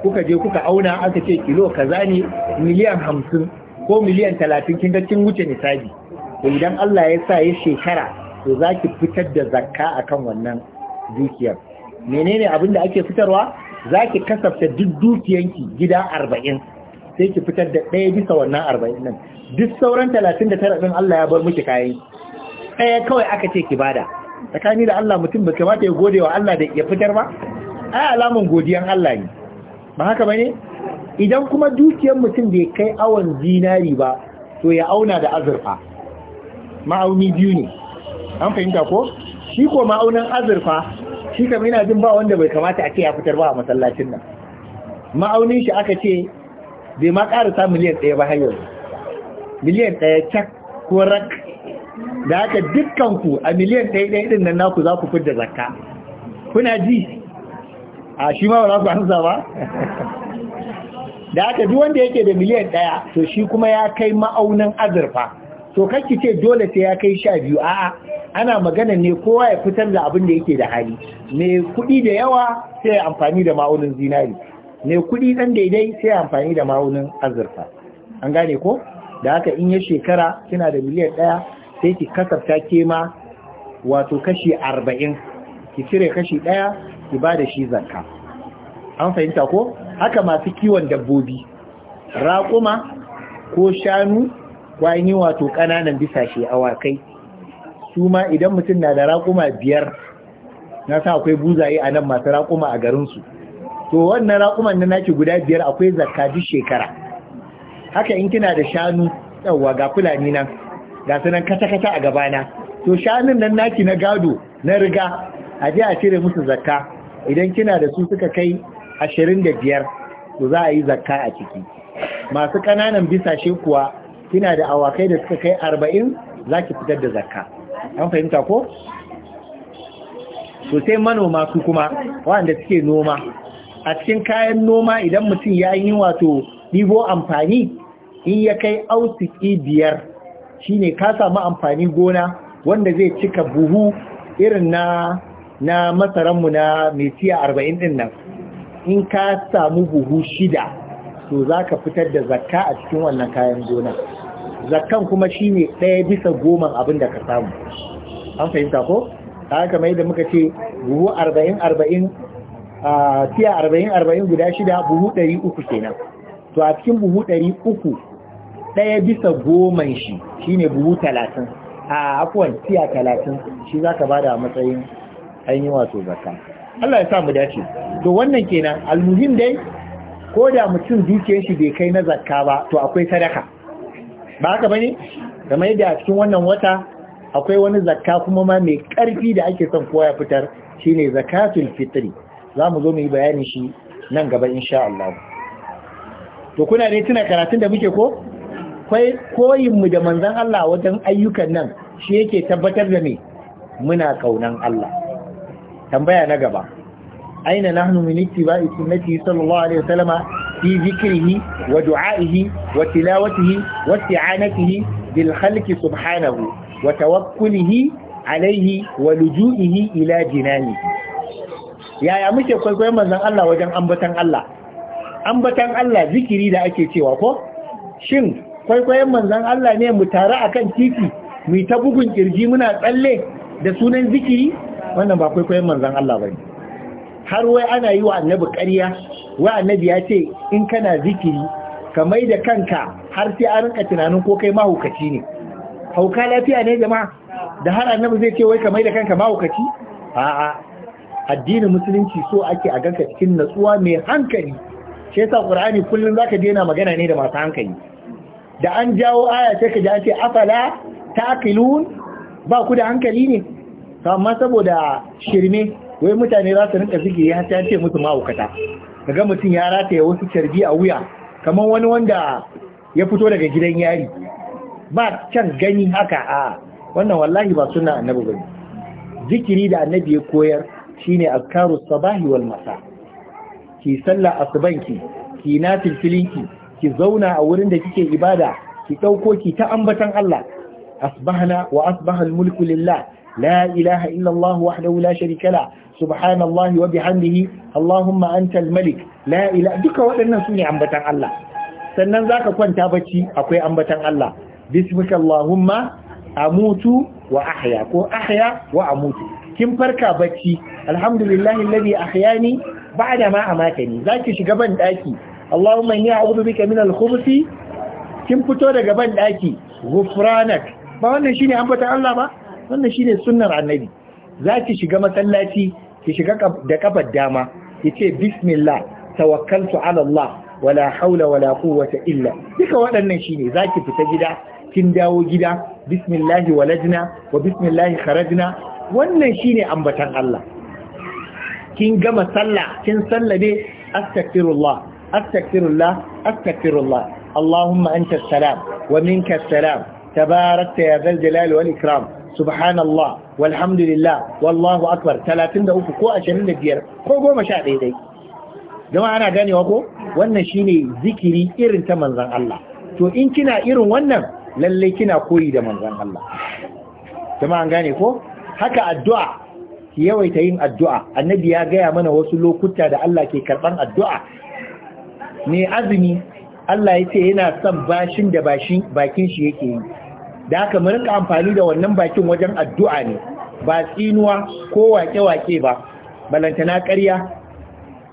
kuka je kuka auna aka ce kilo kaza ne miliyan hamsin ko miliyan talatin kin ga kin wuce nisabi to idan Allah ya sa ya shekara to za ki fitar da zakka akan wannan dukiyar menene abin da ake fitarwa za ki kasafta duk dukiyanki gida arba'in sai ki fitar da ɗaya bisa wannan arba'in nan duk sauran talatin da tara ɗin Allah ya bar miki kayan ɗaya kawai aka ce ki bada tsakani da Allah mutum ba kamata ya gode wa Allah da ya fitar ba ai alamun godiyan Allah ne ba haka ba ne idan kuma dukiyar mutum bai kai awon zinari ba to ya auna da azurfa ma'auni biyu ne an fahimta ko shi ko ma'aunin azurfa shi kam yana jin ba wanda bai kamata a ce ya fitar ba a masallacin nan ma'aunin shi aka ce bai ma karasa miliyan ɗaya ba har miliyan ɗaya cak ko rak da haka dukkanku a miliyan ɗaya ɗaya ɗin nan naku za ku da zakka kuna ji a shi ma wala ku hansa ba *laughs* da haka duk wanda yake da miliyan ɗaya to shi kuma ya kai ma'aunin azurfa to ki ce dole sai ya kai sha biyu a'a ana magana ne kowa ya fitar da abin da yake da hali mai kuɗi da yawa sai ya amfani da ma'aunin zinari mai kuɗi ɗan daidai sai ya amfani da ma'aunin azurfa an gane ko da haka in ya shekara kina da miliyan ɗaya sai ki kasafta ke ma wato kashi arba'in ki cire kashi ɗaya ki ba da shi zakka an fahimta ko haka masu kiwon dabbobi raƙuma ko shanu kwanyi wato ƙananan bisa bisashe awakai su ma idan mutum na da raƙuma biyar na sa akwai buzaye a nan masu raƙuma a garinsu to wannan raƙuman na naki guda biyar akwai zakka duk shekara haka in kina da shanu yawwa ga fulani nan ga sunan kata-kata a gabana to shanun nan naki na gado na riga a je a cire musu zakka idan kina da su suka kai ashirin da biyar to za a yi zakka a ciki masu ƙananan shi kuwa kina da awakai da suka kai arba'in za ki fitar da zakka an fahimta ko? to manoma su kuma waɗanda suke noma a cikin kayan noma idan mutum ya yi wato ɗibo amfani in ya kai ausiki biyar shine ka samu amfani gona wanda zai cika buhu irin na na masaranmu na metiya arba'in din nan in ka samu buhu shida to za ka fitar da zakka a cikin wannan kayan gona zakkan kuma shine ɗaya bisa goman abin da ka samu an fahimta ko ta haka mai da muka ce buhu arba'in arba'in a tiya arba'in arba'in guda shida buhu ɗari uku kenan to a cikin buhu ɗari uku ɗaya bisa goman shi shine buhu talatin a afuwan tiya talatin shi za ka ba da matsayin ainihin wato zakka Allah ya sa mu dace to wannan kenan almuhim dai ko da mutum dukiyar shi bai kai na zakka ba to akwai sadaka ba haka ne? kamar yadda a cikin wannan wata akwai wani zakka kuma ma mai karfi da ake son kowa ya fitar shine zakatul fitri za mu zo mu yi bayanin shi nan gaba insha Allah to kuna ne tuna karatun da muke ko Akwai koyinmu da manzan Allah wajen ayyukan nan shi yake tabbatar da ni, muna kaunan Allah tambaya na gaba aina nahnu min ittiba'i sunnati sallallahu alaihi wasallama fi zikrihi wa du'a'ihi wa tilawatihi wa isti'anatihi bil khalqi subhanahu wa tawakkulihi alaihi wa luju'ihi ila jinanihi yaya muke kwaikwayon manzon Allah wajen ambatan Allah ambatan Allah zikiri da ake cewa ko shin kwaikwayon manzan Allah ne mu tare a kan titi mu ta bugun kirji muna tsalle da sunan zikiri wannan ba kwaikwayon manzan Allah bane har wai ana yi wa annabi ƙarya wai annabi ya ce in kana zikiri ka mai da kanka har sai an rinka tunanin ko kai mahaukaci ne hauka lafiya ne jama'a da har annabi zai ce wai ka mai da kanka mahaukaci a'a addinin musulunci so ake a ganka cikin natsuwa mai hankali shi yasa qur'ani kullun zaka daina magana ne da masu hankali da an jawo aya sai ka ji afala taqilun ba ku da hankali ne amma saboda shirme wai mutane za su rinka zige ya ta ce musu ma'aukata kaga mutum ya rataye wasu tarbi a wuya kamar wani wanda ya fito daga gidan yari ba can gani haka a wannan wallahi ba suna annabi bane zikiri da annabi ya koyar shine azkarus sabahi wal masa ki sallah asubanki ki filinki ki zauna a wurin da kike ibada ki dauko ki ta ambatan Allah asbahna wa asbaha mulku lillah la ilaha illa Allah wahdahu la sharika la subhanallahi wa bihamdihi allahumma malik la ilaha duka waɗannan sune ambatan Allah sannan zaka kwanta bacci akwai ambatan Allah bismika amutu wa ahya ko ahya wa amutu kin farka bacci alhamdulillahi alladhi ahyani ba'da ma amatani zaki shiga ban daki Allahumma inni a'udhu bika min al-khubuthi kin fito daga ban daki ghufranak ba wannan shine ambata Allah ba wannan shine sunnar annabi zaki shiga masallaci ki shiga da kafar dama yace bismillah tawakkaltu ala Allah wala haula wala quwwata illa duka waɗannan shine zaki fita gida kin dawo gida bismillahi walajna wa bismillahi kharajna wannan shine ambatan Allah kin gama sallah kin sallame astaghfirullah astaghfirullah astaghfirullah Allahumma anta salam wa minka salam tabarakta ya zal jalali wal ikram subhanallah walhamdulillah wallahu akbar 33 ko 25 ko 11 dai jama'a ana ganewa ko wannan shine zikiri irin ta manzon Allah to in kina irin wannan lallai kina koyi da manzon Allah jama'a an gane ko haka addu'a ki yawaita yin addu'a annabi ya gaya mana wasu lokuta da Allah ke karban addu'a mai azumi Allah ya ce yana son bashin da bakin shi yake yi da aka mu amfani da wannan bakin wajen addu'a ne ba tsinuwa ko wake-wake ba balantana karya,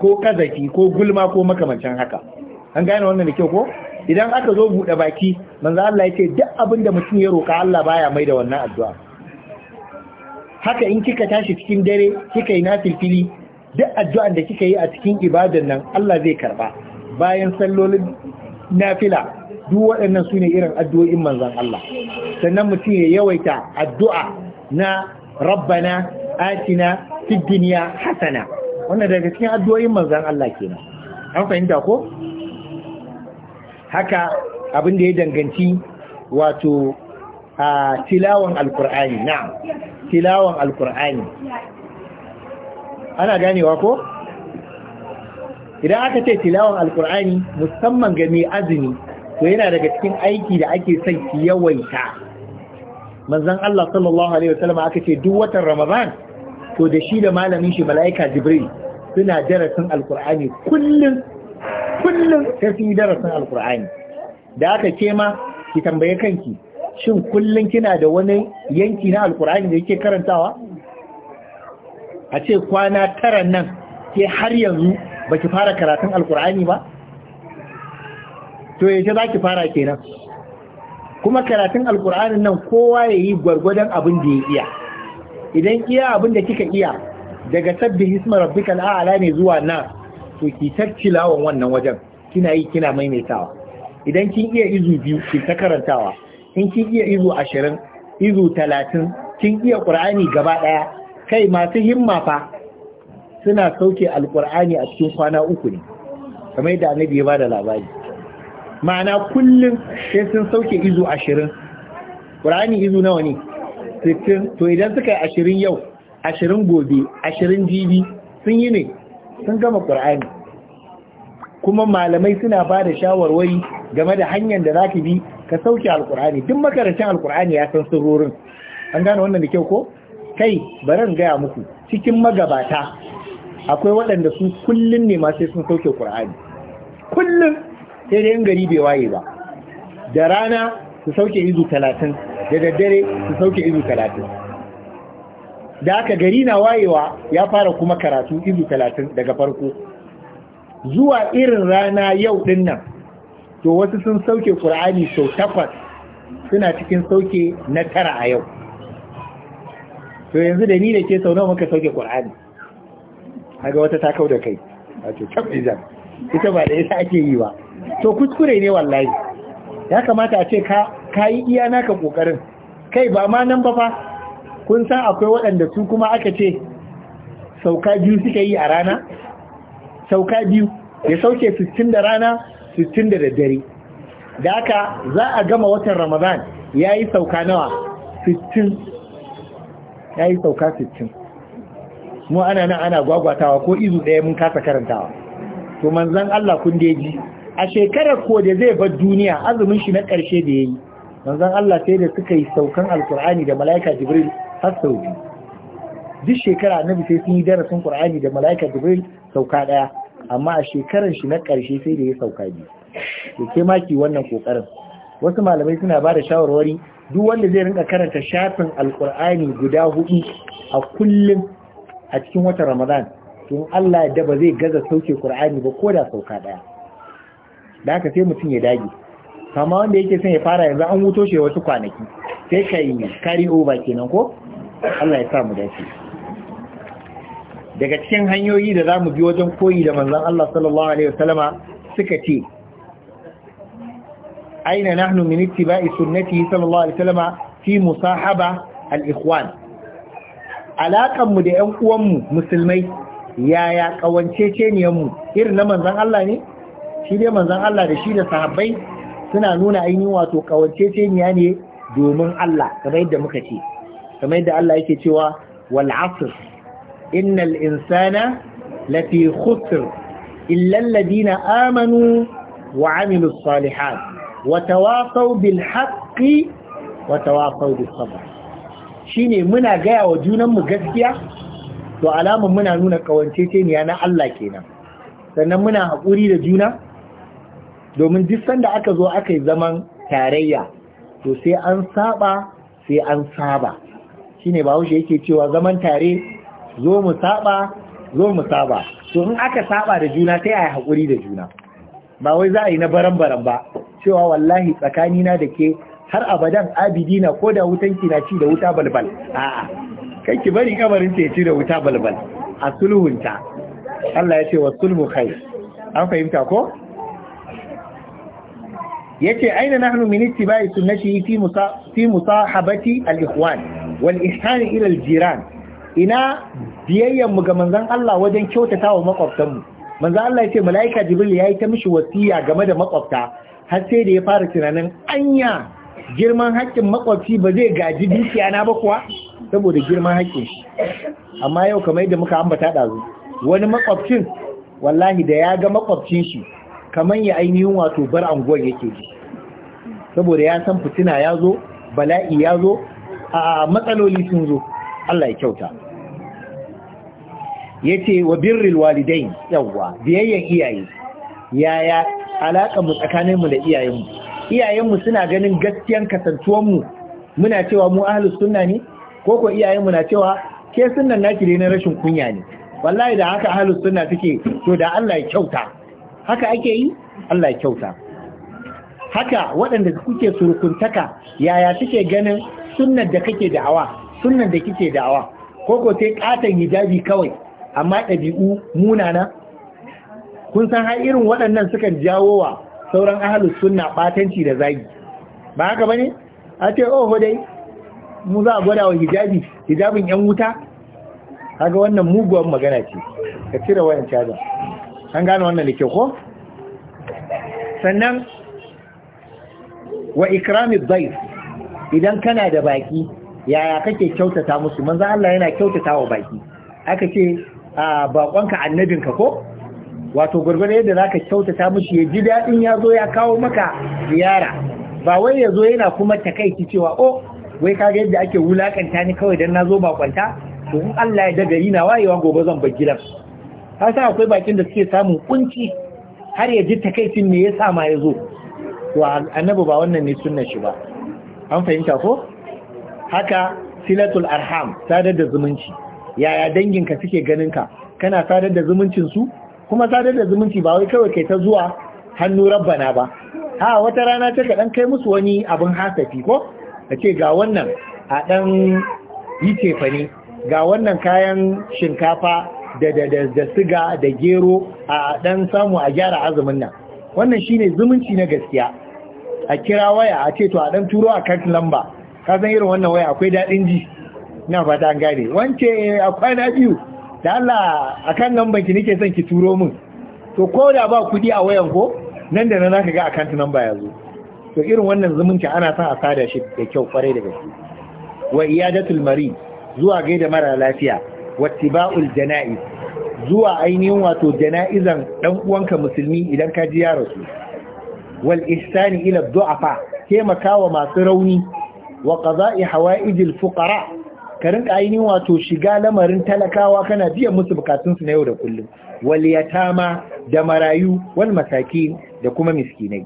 ko kazafi ko gulma ko makamancin haka an gane wannan da kyau ko idan aka zo buɗe baki manzo Allah ya ce duk abin da mutum ya roƙa Allah baya mai da wannan addu'a haka in kika tashi cikin dare kika yi nafilfili duk addu'an da kika yi a cikin ibadan nan Allah zai karɓa. bayan sallolin nafila duk waɗannan su ne irin addu'o'in manzan Allah sannan mutum ya yawaita addu'a na rabbana atina fid duniya hasana wannan daga cikin addu'o'in manzan Allah kenan an fahimta ko haka abin da ya danganci wato a tilawan alkur'ani na tilawan alkur'ani ana ganewa ko idan aka ce tilawan alkur'ani musamman ga mai azumi to yana daga cikin aiki da ake son ki yawaita manzon Allah sallallahu alaihi wasallam aka ce duk watan Ramadan to da shi da malamin shi malaika Jibril suna darasin alkur'ani kullum kullum sai yi darasin alkur'ani da aka ce ma ki tambaye kanki shin kullum kina da wani yanki na alkur'ani da yake karantawa a ce kwana tara nan ke har yanzu Ba ki fara karatun alkur'ani ba to yace za ki fara kenan kuma karatun alkur'anin nan kowa ya yi gwargwadon abin da ya iya idan iya abin da kika iya daga sabbin hisma rabbika al'ala ne zuwa na to ki tarkilawan wannan wajen kina yi kina maimaitawa idan kin iya izu biyu ki ta karantawa in kin iya izu ashirin izu talatin kin iya ƙur'ani gaba ɗaya kai masu himma fa suna sauke alkur'ani a cikin kwana uku ne kamar yadda annabi ya ba da labari ma'ana kullum sai sun sauke izu ashirin ƙur'ani izu nawa ne sittin to idan suka yi ashirin yau ashirin gobe ashirin jibi sun yi ne sun gama ƙur'ani kuma malamai suna ba da shawarwari game da hanyar da za ka bi ka sauke alƙur'ani duk makarantun alkur'ani ya san sirrorin an gane wannan da kyau ko kai baran gaya muku cikin magabata akwai waɗanda su kullum ne ma sai sun sauke ƙur'ani kullum sai dai yin gari bai waye ba da rana su sauke izu talatin da daddare su sauke izu talatin da aka gari na wayewa ya fara kuma karatu izu talatin daga farko zuwa irin rana yau din nan to wasu sun sauke ƙur'ani sau takwas suna cikin sauke na tara a yau to yanzu da ni da ke sau nawa muka sauke ƙur'ani haga wata ta kau da kai a ce cap exam ita ba da yasa ake yi ba to kuskure ne wallahi ya kamata a ce ka ka yi iya naka kokarin kai ba ma nan ba fa kun san akwai waɗanda su kuma aka ce sauka biyu suka yi a rana sauka biyu ya sauke 60 da rana 60 da daddare da haka za a gama watan ramadan ya yi sauka nawa 60 ya yi sauka 60 mu ana nan ana gwagwatawa ko izu ɗaya mun kasa karantawa to manzon Allah kun da ji a shekarar ko da zai bar duniya azumin shi na ƙarshe da yayi manzon Allah sai da suka yi saukan Alƙur'ani da mala'ika jibril har sau biyu duk shekara annabi sai sun yi darasin ƙur'ani da mala'ika jibril sauka ɗaya, amma a shekarar shi na ƙarshe sai da ya sauka biyu to maki wannan kokarin wasu malamai suna ba da shawarwari duk wanda zai rinka karanta shafin alkur'ani guda huɗu a kullum a cikin watan ramadan tun Allah da ba zai gaza sauke Kur'ani ba ko da sauka daya da haka sai mutum ya dage kama wanda yake son ya fara yanzu an wuto shi wasu kwanaki sai kai carry over kenan ko Allah ya sa mu dace daga cikin hanyoyi da zamu bi wajen koyi da manzon Allah sallallahu alaihi wasallama suka ce aina nahnu min ittiba'i sunnati sallallahu alaihi wasallama fi musahaba al-ikhwan alaƙanmu da ‘yan uwanmu musulmai yaya ƙawanceceniyanmu irin na manzan Allah ne? Shi dai manzan Allah da shi da sahabbai suna nuna ainihin wato ƙawanceceniya ne domin Allah kamar yadda muka ce, kamar yadda Allah yake cewa wal asr innal insana lafi khusr illa alladhina amanu wa amilus salihat wa tawasaw bil haqqi wa tawasaw bis sabr shine muna gaya wa junanmu gaskiya to alamun muna nuna kawanceceniya na Allah kenan sannan muna haƙuri da juna domin duk sanda aka zo aka yi zaman tarayya to sai an saba sai an saba shine bahaushe yake cewa zaman tare zo mu saba zo mu saba to in aka saba da juna sai a yi haƙuri da juna ba wai za a yi na baran-baran ba cewa wallahi tsakanina da ke har abadan abidina ko da wutanki na ci da wuta balbal a'a kai ki bari kamarin ta ci da wuta balbal a sulhunta Allah ya ce wa sulhu khair an fahimta ko yace aina nahnu min ittiba'i sunnati fi musa fi musahabati al-ikhwan wal ihsan ila al-jiran ina biyayyan mu ga manzon Allah wajen kyautatawa makwabtan mu manzon Allah yace malaika jibril yayi ta mishi wasiya game da makwabta har sai da ya fara tunanin anya girman haƙƙin makwabci ba zai gaji dukiya na ba kuwa saboda girman haƙƙin shi amma yau kamar yadda muka ambata ɗazu wani makwabcin wallahi da ya ga makwabcin shi kamar ya ainihin wato bar anguwar yake ji saboda ya san fitina ya zo bala'i ya zo a matsaloli sun zo Allah ya kyauta yace wa birrul walidain yawwa biyayyen iyaye yaya alaka mu tsakanin mu da iyayen mu iyayenmu suna ganin gaskiyan kasantuwanmu muna cewa mu ahlus sunna ne ko iyayenmu na cewa ke sunnan naki ne na rashin kunya ne wallahi da haka ahlus sunna suke to da Allah ya kyauta haka ake yi Allah ya kyauta haka waɗanda kuke surukuntaka yaya suke ganin sunnar da kake da'awa sunnar da kike da'awa ko sai katan hijabi kawai amma ɗabi'u munana kun san har irin waɗannan sukan jawo wa sauran ahalus suna batanci da zagi ba haka bane a ce oh dai mu za a gwada wa hijabi hijabin yan wuta kaga wannan muguwar magana ce ka cire wayan caja an gane wannan da ke ko sannan wa ikrami zai idan kana da baki yaya kake kyautata musu manzan Allah yana kyautata wa baki aka ce a bakonka annabinka ko wato gurgurai da za ka kyautata mushi ya ji daɗin ya zo ya kawo maka ziyara ba wai ya zo yana kuma takaici cewa o oh, wai kaga yadda ake wulakanta ni kawai don na zo bakwanta to in Allah ya dagari na wayewa gobe zan bar gidan ka sa akwai bakin da suke samun kunci har ya ji takaicin me yasa ma ya zo to annabi ba wannan ne sunnar shi ba an fahimta ko haka silatul arham sadar da zumunci yaya danginka suke ganin ka kana sadar da zumuncin su kuma sadar da zumunci ba wai kawai kai ta zuwa hannu rabbana ba a wata rana ta kaɗan kai musu wani abin hasafi ko A ce ga wannan a ɗan yi cefane ga wannan kayan shinkafa da da siga da gero a ɗan samu a gyara azumin nan wannan shine zumunci na gaskiya a kira waya a ce to a ɗan turo a kan lamba ka san irin wannan waya akwai daɗin ji ina fata an gane wance eh, akwai na biyu da Allah akan nan banki nake son ki turo min to ko da ba kudi a wayan ko nan da nan ka ga account number ya zo to irin wannan zumunci ana son a sada shi da kyau kwarai da gaske wa iyadatul mari zuwa gaida mara lafiya wattiba'ul jana'iz zuwa ainihin wato jana'izan dan uwanka musulmi idan ka ji yaro rasu wal ihsani ila du'afa taimakawa masu rauni wa qada'i hawa'ijil fuqara ka rinka ainihin wato shiga lamarin talakawa kana biyan musu bukatunsu na yau da kullum wal yatama da marayu wal masaki da kuma miskinai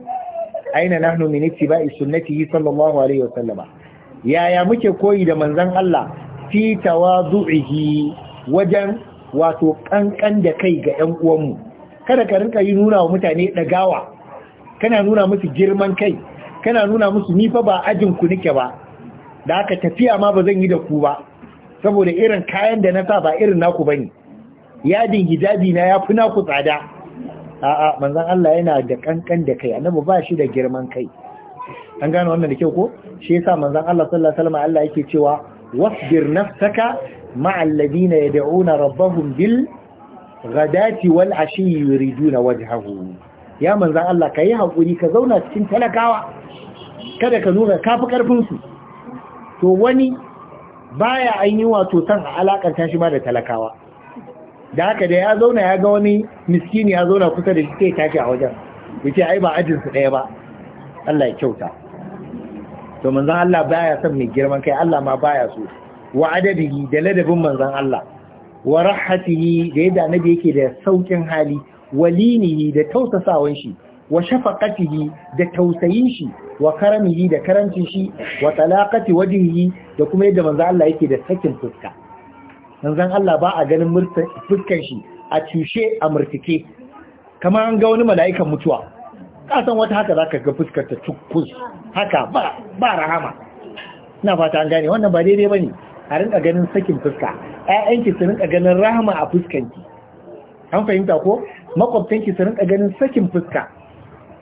aina nahnu min ittiba'i sunnatihi sallallahu alaihi wasallama yaya muke koyi da manzon Allah fi tawazu'ihi wajen wato kankan da kai ga uwan mu kada ka rinka yi nuna wa mutane dagawa kana nuna musu girman kai kana nuna musu ni fa ba ajin ku nike ba da tafiya ma ba zan yi da ku ba saboda irin kayan da na sa ba irin naku bane yadin hijabi na yafi naku tsada a'a manzon Allah yana da kankan da kai annabi ba shi da girman kai an gane wannan da kyau ko shi yasa manzon Allah sallallahu alaihi wasallam Allah yake cewa wasbir nafsaka ma'a alladhina yad'una rabbahum bil ghadati wal ashi yuriduna wajhahu ya manzon Allah kai hakuri ka zauna cikin talakawa kada ka nuna kafi karfin su to wani baya an yi wato san a ta shi ma da talakawa da haka da ya zauna ya ga wani miskini ya zauna kusa da shi sai tashi a wajen yace ai ba ajin su daya ba Allah ya kyauta to manzon Allah baya son mai girman kai Allah ma baya so wa da ladabin manzon Allah wa rahatihi da yadda annabi yake da saukin hali walinihi da tausasawan shi wa shafaqatihi da tausayin shi wa karamihi da karancin shi wa talaqati wajhihi da kuma yadda manzo Allah yake da sakin fuska manzon Allah ba a ganin fuskan shi a cushe a murtike kamar an ga wani mala'ikan mutuwa kasan wata haka zaka ga fuskar ta tukkus haka ba ba rahama ina fata an gane wannan ba daidai bane a rinka ganin sakin fuska ƴaƴanki su rinka ganin rahama a fuskanki an fahimta ko makwabtanki su rinka ganin sakin fuska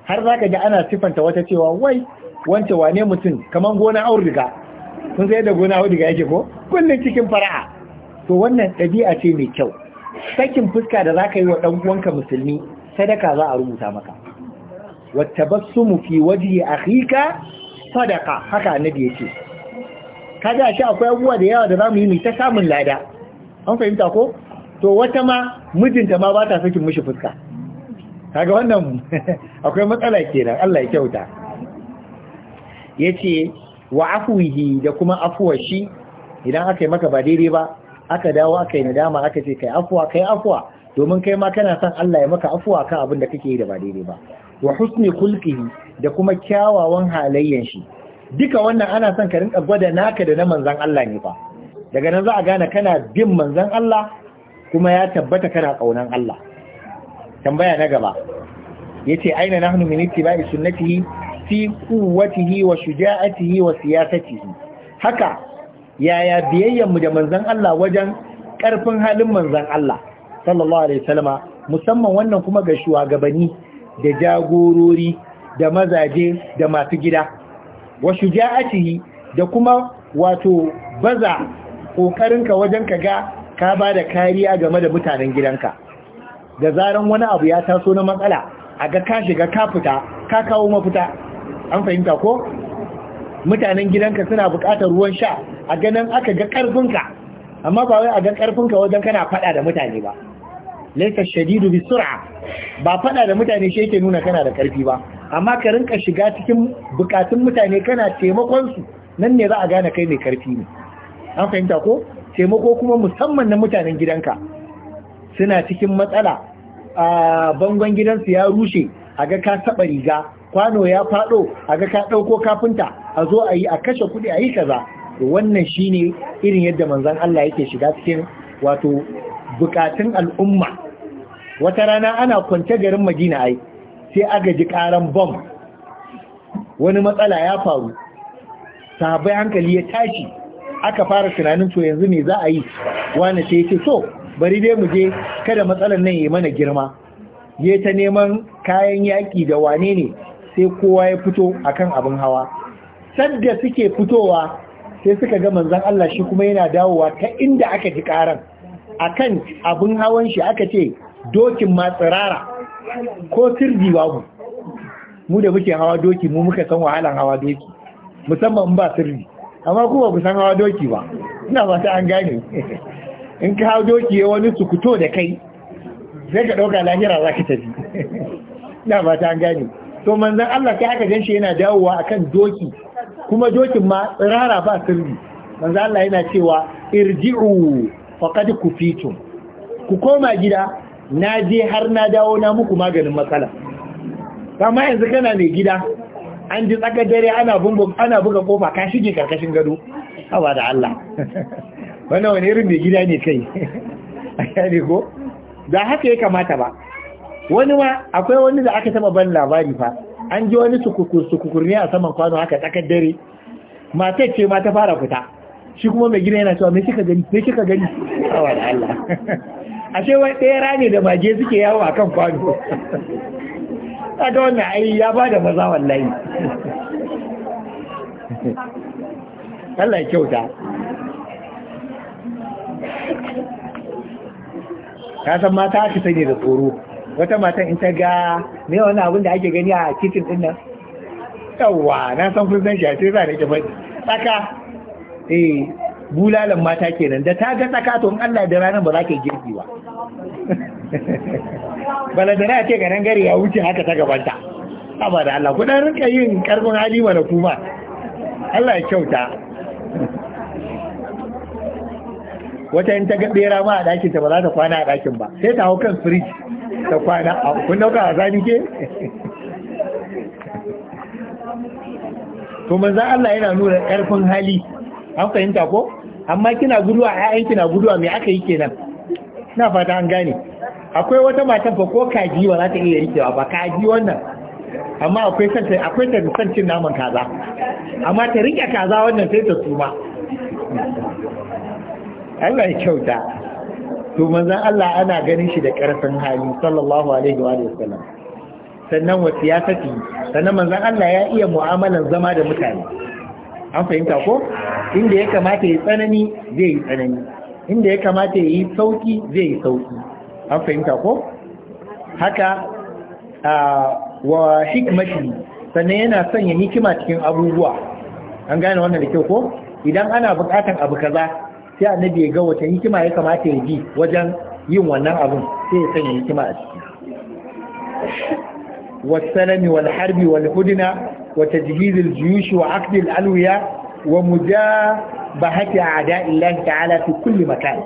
har za ka ji ana siffanta wata cewa wai wance wane mutum kamar gona auduga sun sai da gona auriga yake ko kullum cikin fara'a to wannan ɗabi'a ce mai kyau sakin fuska da za ka yi wa ɗan uwanka musulmi sadaka za a rubuta maka mu fi a hika sadaka haka annabi yace kaga shi akwai abubuwa da yawa da za mu yi mai ta samun lada an fahimta ko to wata ma mijinta ma ba ta sakin mishi fuska kaga wannan *laughs* akwai matsala kenan Allah ya kyauta yace wa afwihi da kuma afuwa shi idan aka yi maka ba daidai ba aka dawo aka yi nadama aka ce kai afwa kai afwa domin kai ma kana son Allah ya maka afuwa kan abin da kake yi da ba daidai ba wa husni khulqihi da kuma kyawawan halayyan shi duka wannan ana son ka rinka gwada naka da na manzon Allah ne fa daga nan za a gane kana bin manzon Allah kuma ya tabbata kana kaunan Allah tambaya na gaba yace aina nahnu min ittiba'i sunnatihi fi quwwatihi wa shuja'atihi wa siyasatihi haka yaya biyayyan mu da manzon Allah wajen karfin halin manzon Allah sallallahu alaihi wasallama musamman wannan kuma ga shugabanni da jagorori da mazaje da masu gida wa shuja'atihi da kuma wato baza ƙoƙarinka wajen ka ga ka ba da kariya game da mutanen gidanka da zaran wani abu ya taso na matsala a ga ka shiga ka fita ka kawo mafita an fahimta ko mutanen gidanka suna buƙatar ruwan sha a ganin aka ga ƙarfinka amma ba wai a ga ƙarfinka wajen kana faɗa da mutane ba laisa shadidu bi sur'a ba faɗa da mutane shi yake nuna kana da ƙarfi ba amma ka rinka shiga cikin bukatun mutane kana taimakon su nan ne za a gane kai mai ƙarfi ne an fahimta ko taimako kuma musamman na mutanen gidanka suna cikin matsala a bangon gidansu ya rushe a ga ka taɓa riga kwano ya faɗo a ga ka ɗauko kafinta a zo a yi a kashe kuɗi a yi kaza wannan shine irin yadda manzan Allah yake shiga cikin wato bukatun al'umma wata rana ana kwance garin Madina ai sai aga ji karan bom wani matsala ya faru sahabai hankali ya tashi aka fara tunanin to yanzu me za a yi wani sai ce so bari dai mu je kada matsalar nan ya mana girma ya ta neman kayan yaƙi da wane ne sai kowa ya fito akan abin hawa sadda suke fitowa sai suka ga manzon Allah shi kuma yana dawowa ta inda aka ji karan akan abin hawan shi aka ce dokin ma tsirara ko sirji babu mu da muke hawa doki mu muka san wahalan hawa doki musamman ba sirri amma kuma ba ku san hawa doki ba ina fata an gane *laughs* in ka hau doki ya wani sukuto da kai sai ka ɗauka lahira za ka tafi na ba ta gani to manzan Allah sai aka shi yana dawowa kan doki kuma dokin ma tsirara ba sirri manzan Allah yana cewa irji'u faqad kufitum ku koma gida na je har na dawo na muku maganin matsala amma yanzu kana mai gida an ji tsakar dare ana buga kofa ka shige karkashin gado haba da Allah *laughs* wannan wani irin mai gida ne kai A ne ko da haka ya kamata ba wani ma akwai wani da aka taba ban labari fa an ji wani sukukur ne a saman kwano haka tsakar dare matar ce ma ta fara fita shi kuma mai gida yana cewa mai shika gani mai kika gani A wani Allah *laughs* ashe wani ɗaya rane da mage suke yawo a kan kwano *laughs* wannan ai ya ba da maza wallahi *laughs* Allah ya kyauta kasan mata aka sanya da tsoro wata mata in ta ga me wani abin da ake gani a kitin din nan yawa na san kun san shi ce za da ke tsaka eh bulalan mata kenan da ta ga tsaka to in Allah da ranar ba za ka ba. girki ba *laughs* baladana ce ganin gari ya wuce haka ta gabanta saboda Allah ku dan rinka yin karfin hali mana kuma Allah ya kyauta wata yin ta ga bera ma a ɗakin ta ba za ta kwana a ɗakin ba sai ta hau kan firij ta kwana a kun dauka a zani ke *laughs* to manza Allah yana nuna ƙarfin hali an fahimta ko amma kina guduwa A yayin kina guduwa me aka yi kenan ina fata an gane akwai wata matan fa ko kaji ba za ta iya rikewa ba kaji wannan amma akwai san akwai ta san cin naman kaza amma ta rike kaza wannan sai ta tuma Allah ya kyauta to manzon Allah ana ganin shi da karfin hali sallallahu alaihi wa sallam sannan wa siyasati sannan manzon Allah ya iya mu'amalan zama da mutane an fahimta ko inda ya kamata ya tsanani zai yi tsanani inda ya kamata ya yi sauki zai yi sauki an fahimta ko haka wa hikmati sannan yana sanya hikima cikin abubuwa an gane wannan da kyau ko idan ana bukatan abu kaza sai annabi ya ga wata hikima ya kamata ya bi wajen yin wannan abun sai ya sanya hikima a ciki والسلم والحرب والهدنة وتجهيز الجيوش وعقد الألوية ومجابهة أعداء الله تعالى في كل مكان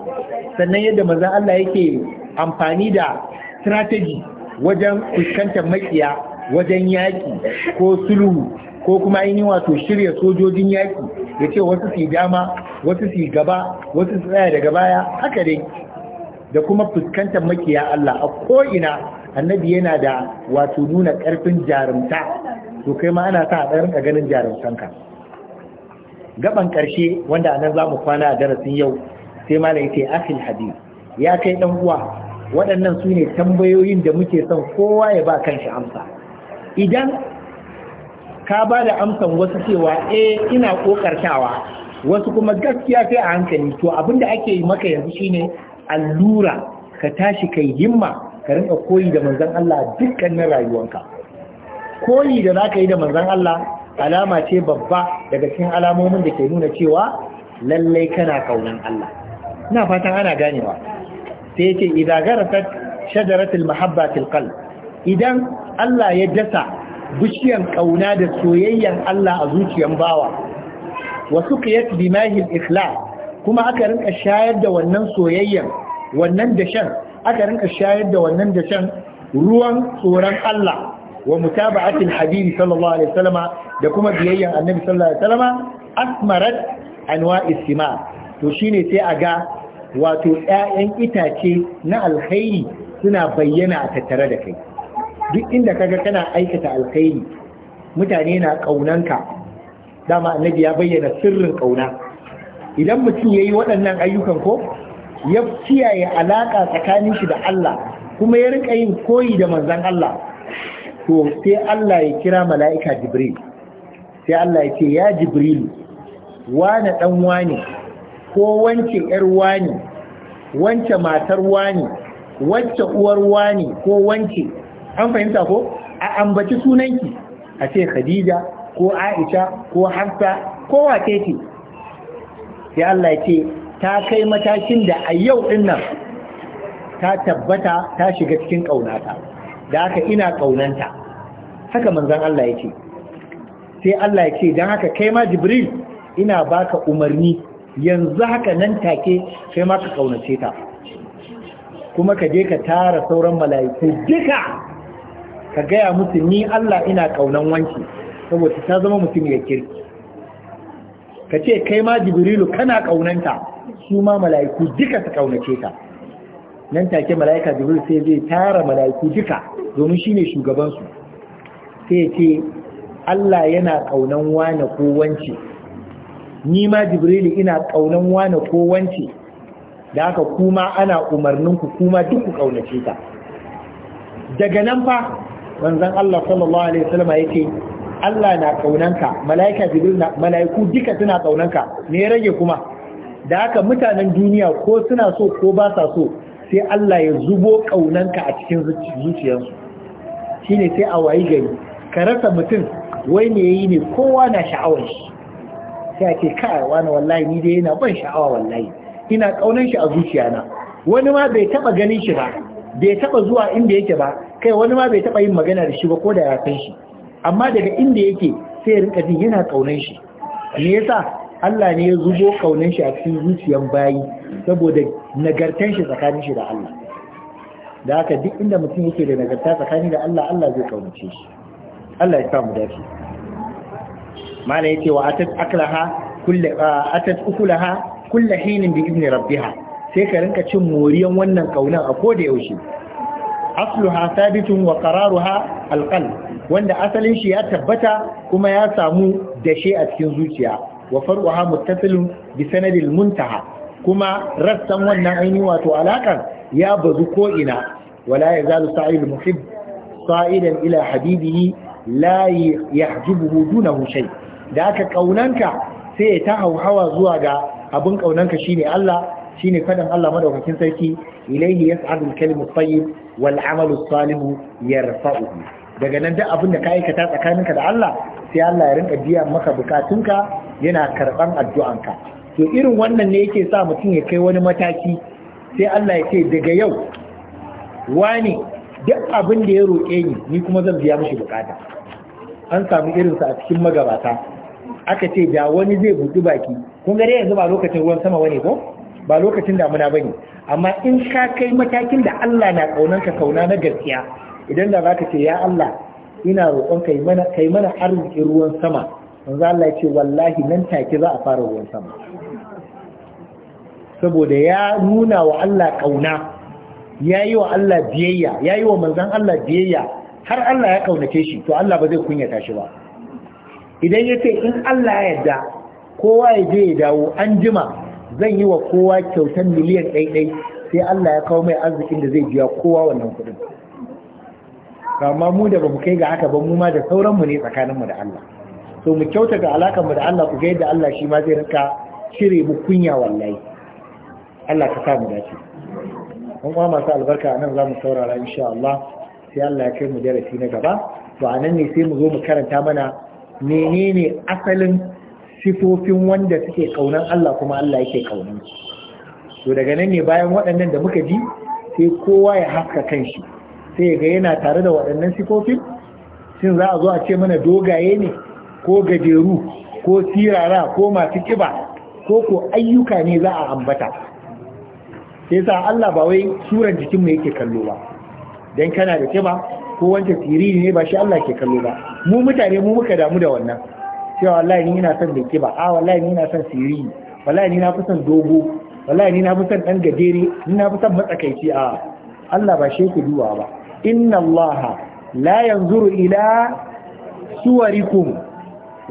sannan yadda maza Allah yake amfani da strategy wajen fuskantar makiya wajen yaƙi ko sulhu ko kuma yi wato shirya sojojin yaki ya ce wasu su dama wasu su gaba wasu su tsaya daga baya haka dai da kuma fuskantar makiya Allah a ko'ina annabi yana da wato nuna ƙarfin jarumta to kai ma ana sa a ɗarin ka ganin jarumtanka gaban ƙarshe wanda anan za mu kwana a darasin yau sai malai ce akhil hadith ya kai dan uwa waɗannan su ne tambayoyin da muke son kowa ya ba kanshi amsa idan ka ba da amsan wasu cewa eh ina kokartawa wasu kuma gaskiya sai a hankali to abin da ake yi maka yanzu shine allura ka tashi kai himma ka rinka koyi da manzon Allah dukkanin rayuwanka koyi da zaka yi da manzon Allah alama ce babba daga cikin alamomin da ke nuna cewa lallai kana kaunan Allah ina fatan ana ganewa sai yace idza garasat shajaratul mahabbatil qalb idan Allah ya dasa bishiyan ƙauna da soyayyan Allah a zuciyan bawa wasu qiyat bimahil ikhlas kuma aka rinka shayar da wannan soyayyan wannan aka rinka shayar da wannan ruwan tsoron Allah wa mutaba'atil habibi sallallahu alaihi wasallama da kuma biyayyan annabi sallallahu alaihi wasallama asmarat anwa'is sima to shine sai a ga wato ƴaƴan itace na alkhairi suna bayyana a tattare da kai duk inda kaga kana aikata alkhairi mutane na kaunanka dama annabi ya bayyana sirrin kauna idan mutum yayi waɗannan ayyukan ko ya kiyaye alaka tsakanin shi da Allah kuma ya rika yin koyi da manzon Allah to sai Allah ya kira mala'ika Jibril sai Allah ya ce ya Jibril wane dan wane ko wance yar wane wance matar wane wacce uwar wane ko wance an fahimta ko a ambaci sunanki a ce khadija ko aisha ko hafsa ko wace ce sai Allah ya ce ta kai matakin da a yau din ta tabbata ta shiga cikin ƙaunata da haka ina ƙaunanta haka manzon Allah ya ce sai Allah ya ce don haka kai ma jibril ina baka umarni yanzu haka nan take kai ma ka ƙaunace ta kuma ka je ka tara sauran mala'iku duka ka gaya musu ni Allah ina kaunan wanki saboda ta zama mutum ya kirki ka ce kai ma jibrilu kana kaunanta su ma mala'iku duka su kaunace ta nan take mala'ika Jibrilu sai zai tara mala'iku duka domin shine shugaban su sai ce Allah yana kaunan wane ko wance ni ma jibrilu ina kaunan wane ko wance da haka kuma ana umarninku kuma duk ku kaunace ta daga nan fa manzon Allah sallallahu alaihi wasallam yake Allah na kaunanka malaika jibril na malaiku duka suna kaunanka me ya rage kuma da haka mutanen duniya ko suna so ko ba sa so sai Allah ya zubo kaunanka a cikin zuciyarsu shine sai a wayi gari ka rasa mutum wai me yayi ne kowa na sha'awar shi sai ake kai wani wallahi ni dai yana ban sha'awa wallahi ina kaunan shi a zuciyana wani ma bai taba ganin shi ba bai taba zuwa inda yake ba kai wani ma bai taɓa yin magana da shi ba ko da ya san shi amma daga inda yake sai ya rinka jin yana kaunan shi me yasa Allah ne ya zubo kaunan shi a cikin zuciyan bayi saboda nagartan shi tsakanin shi da Allah da haka duk inda mutum yake da nagarta tsakani da Allah Allah zai kaunace shi Allah ya sa mu dace mana yake wa atat aklaha kullu atat ukulaha kullu hinin bi izni rabbiha sai ka rinka cin moriyan wannan kaunan a koda yaushe asluha sabitun wa qararuha alqal wanda asalin shi ya tabbata kuma ya samu dashe a cikin zuciya wa far'uha muttasilun bi sanadil muntaha kuma rassan wannan ainihin wato alakan ya bazu ko ina wala yazalu sa'il muhib sa'idan ila habibihi la yahjubuhu dunahu shay da aka kaunanka sai ta hauhawa zuwa ga abin kaunanka shine Allah shine fadan Allah madaukakin sarki ilaihi yas'adu al-kalimu tayyib wal 'amalu salihu yarfa'uhu daga nan duk abinda ka aikata tsakaninka da Allah sai Allah ya rinka biya maka bukatunka yana karban addu'anka to irin wannan ne yake sa mutum ya kai wani mataki sai Allah ya ce daga yau wani duk abin da ya roƙe ni ni kuma zan biya mishi bukata an samu irinsa a cikin magabata aka ce da wani zai buɗi baki kun gare yanzu ba lokacin ruwan sama wani ko ba lokacin damuna ba ne amma in ka kai matakin da Allah na kaunanka kauna na gaskiya idan da za ka ce ya Allah ina roƙon kai mana mana arzikin ruwan sama za Allah ya ce wallahi nan take za a fara ruwan sama saboda ya nuna wa Allah kauna ya yi wa Allah biyayya ya yi wa manzan Allah biyayya har Allah ya kaunace shi to Allah ba zai kunyata shi ba idan ya ce in Allah ya yarda kowa ya je ya dawo an jima zan yi wa kowa kyautan miliyan ɗaiɗai sai Allah ya kawo mai arzikin da zai biya kowa wannan kuɗin Kama mu da bamu kai ga haka ba mu ma da sauranmu ne tsakaninmu da Allah so mu kyauta ga alakan da Allah ku ga yadda Allah shi ma zai rinka cire mu kunya wallahi Allah ka sa mu dace mun kuma masu albarka a nan za mu saurara insha Allah sai Allah ya kai mu darasi na gaba to a nan ne sai mu zo mu karanta mana menene asalin sifofin wanda suke kaunan Allah kuma Allah yake kaunan to daga nan ne bayan waɗannan da muka ji sai kowa ya haska kanshi sai ga yana tare da waɗannan sifofin shin za a zo a ce mana dogaye ne ko gajeru ko sirara ko masu kiba ko ko ayyuka ne za a ambata sai sa Allah ba wai suran jikin mu yake kallo ba dan kana da kiba ko wanda siriri ne ba shi Allah ke kallo ba mu mutane mu muka damu da wannan cewa wallahi ni ina son da ba? a wallahi ni ina son siri wallahi ni na fi son dogo wallahi ni na fi son dan gajere ni na fi son matsakaici a Allah ba shi ku duwa ba inna Allah la yanzuru ila suwarikum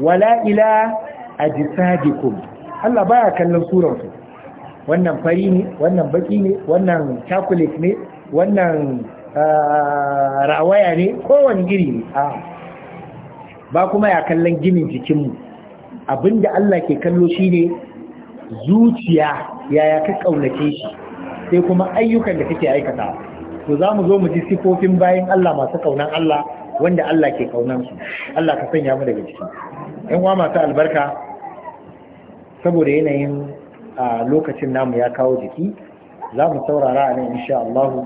wala ila ajsadikum Allah baya kallon suranku wannan fari ne wannan baki ne wannan chocolate ne wannan ah, rawaya ne kowane giri ne a'a ba kuma ya kallon ginin jikinmu abinda Allah ke kallo shi ne, zuciya yaya ka kaunace shi sai kuma ayyukan da kake aikata to za mu zo mu ji sifofin bayan Allah masu kaunan Allah wanda Allah ke kaunan su Allah ka sanya mu daga ciki ƴan uwa masu albarka saboda yanayin a lokacin namu ya kawo jiki za mu saurara a nan insha Allah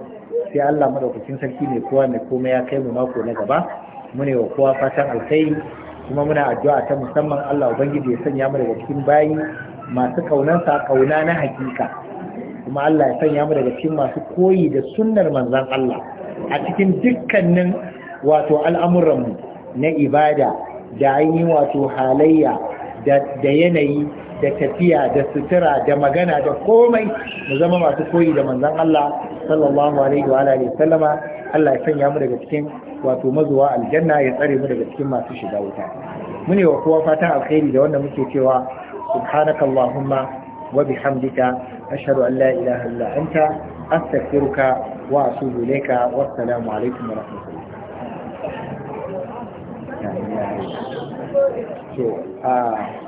sai Allah madaukakin sarki ne, kowa mai komai ya kai mu mako na gaba mune wa kowa fatan alkhairi kuma muna addu'a ta musamman Allah ubangiji ya sanya mu daga cikin bayi masu kaunansa kauna na hakika kuma Allah ya sanya mu daga cikin masu koyi da sunnar manzon Allah a cikin dukkanin wato al'amuranmu na ibada da yi wato halayya da yanayi da tafiya da sutura da magana da komai mu zama masu koyi da manzon Allah sallallahu alaihi wa alihi sallama Allah ya sanya mu daga cikin wato mazuwa aljanna ya tsare mu daga cikin masu shiga wuta mune wa kowa fatan alkhairi da wanda muke cewa subhanaka allahumma wa bihamdika ashhadu an la ilaha illa anta astaghfiruka wa atubu ilayka wassalamu alaikum wa rahmatullah ah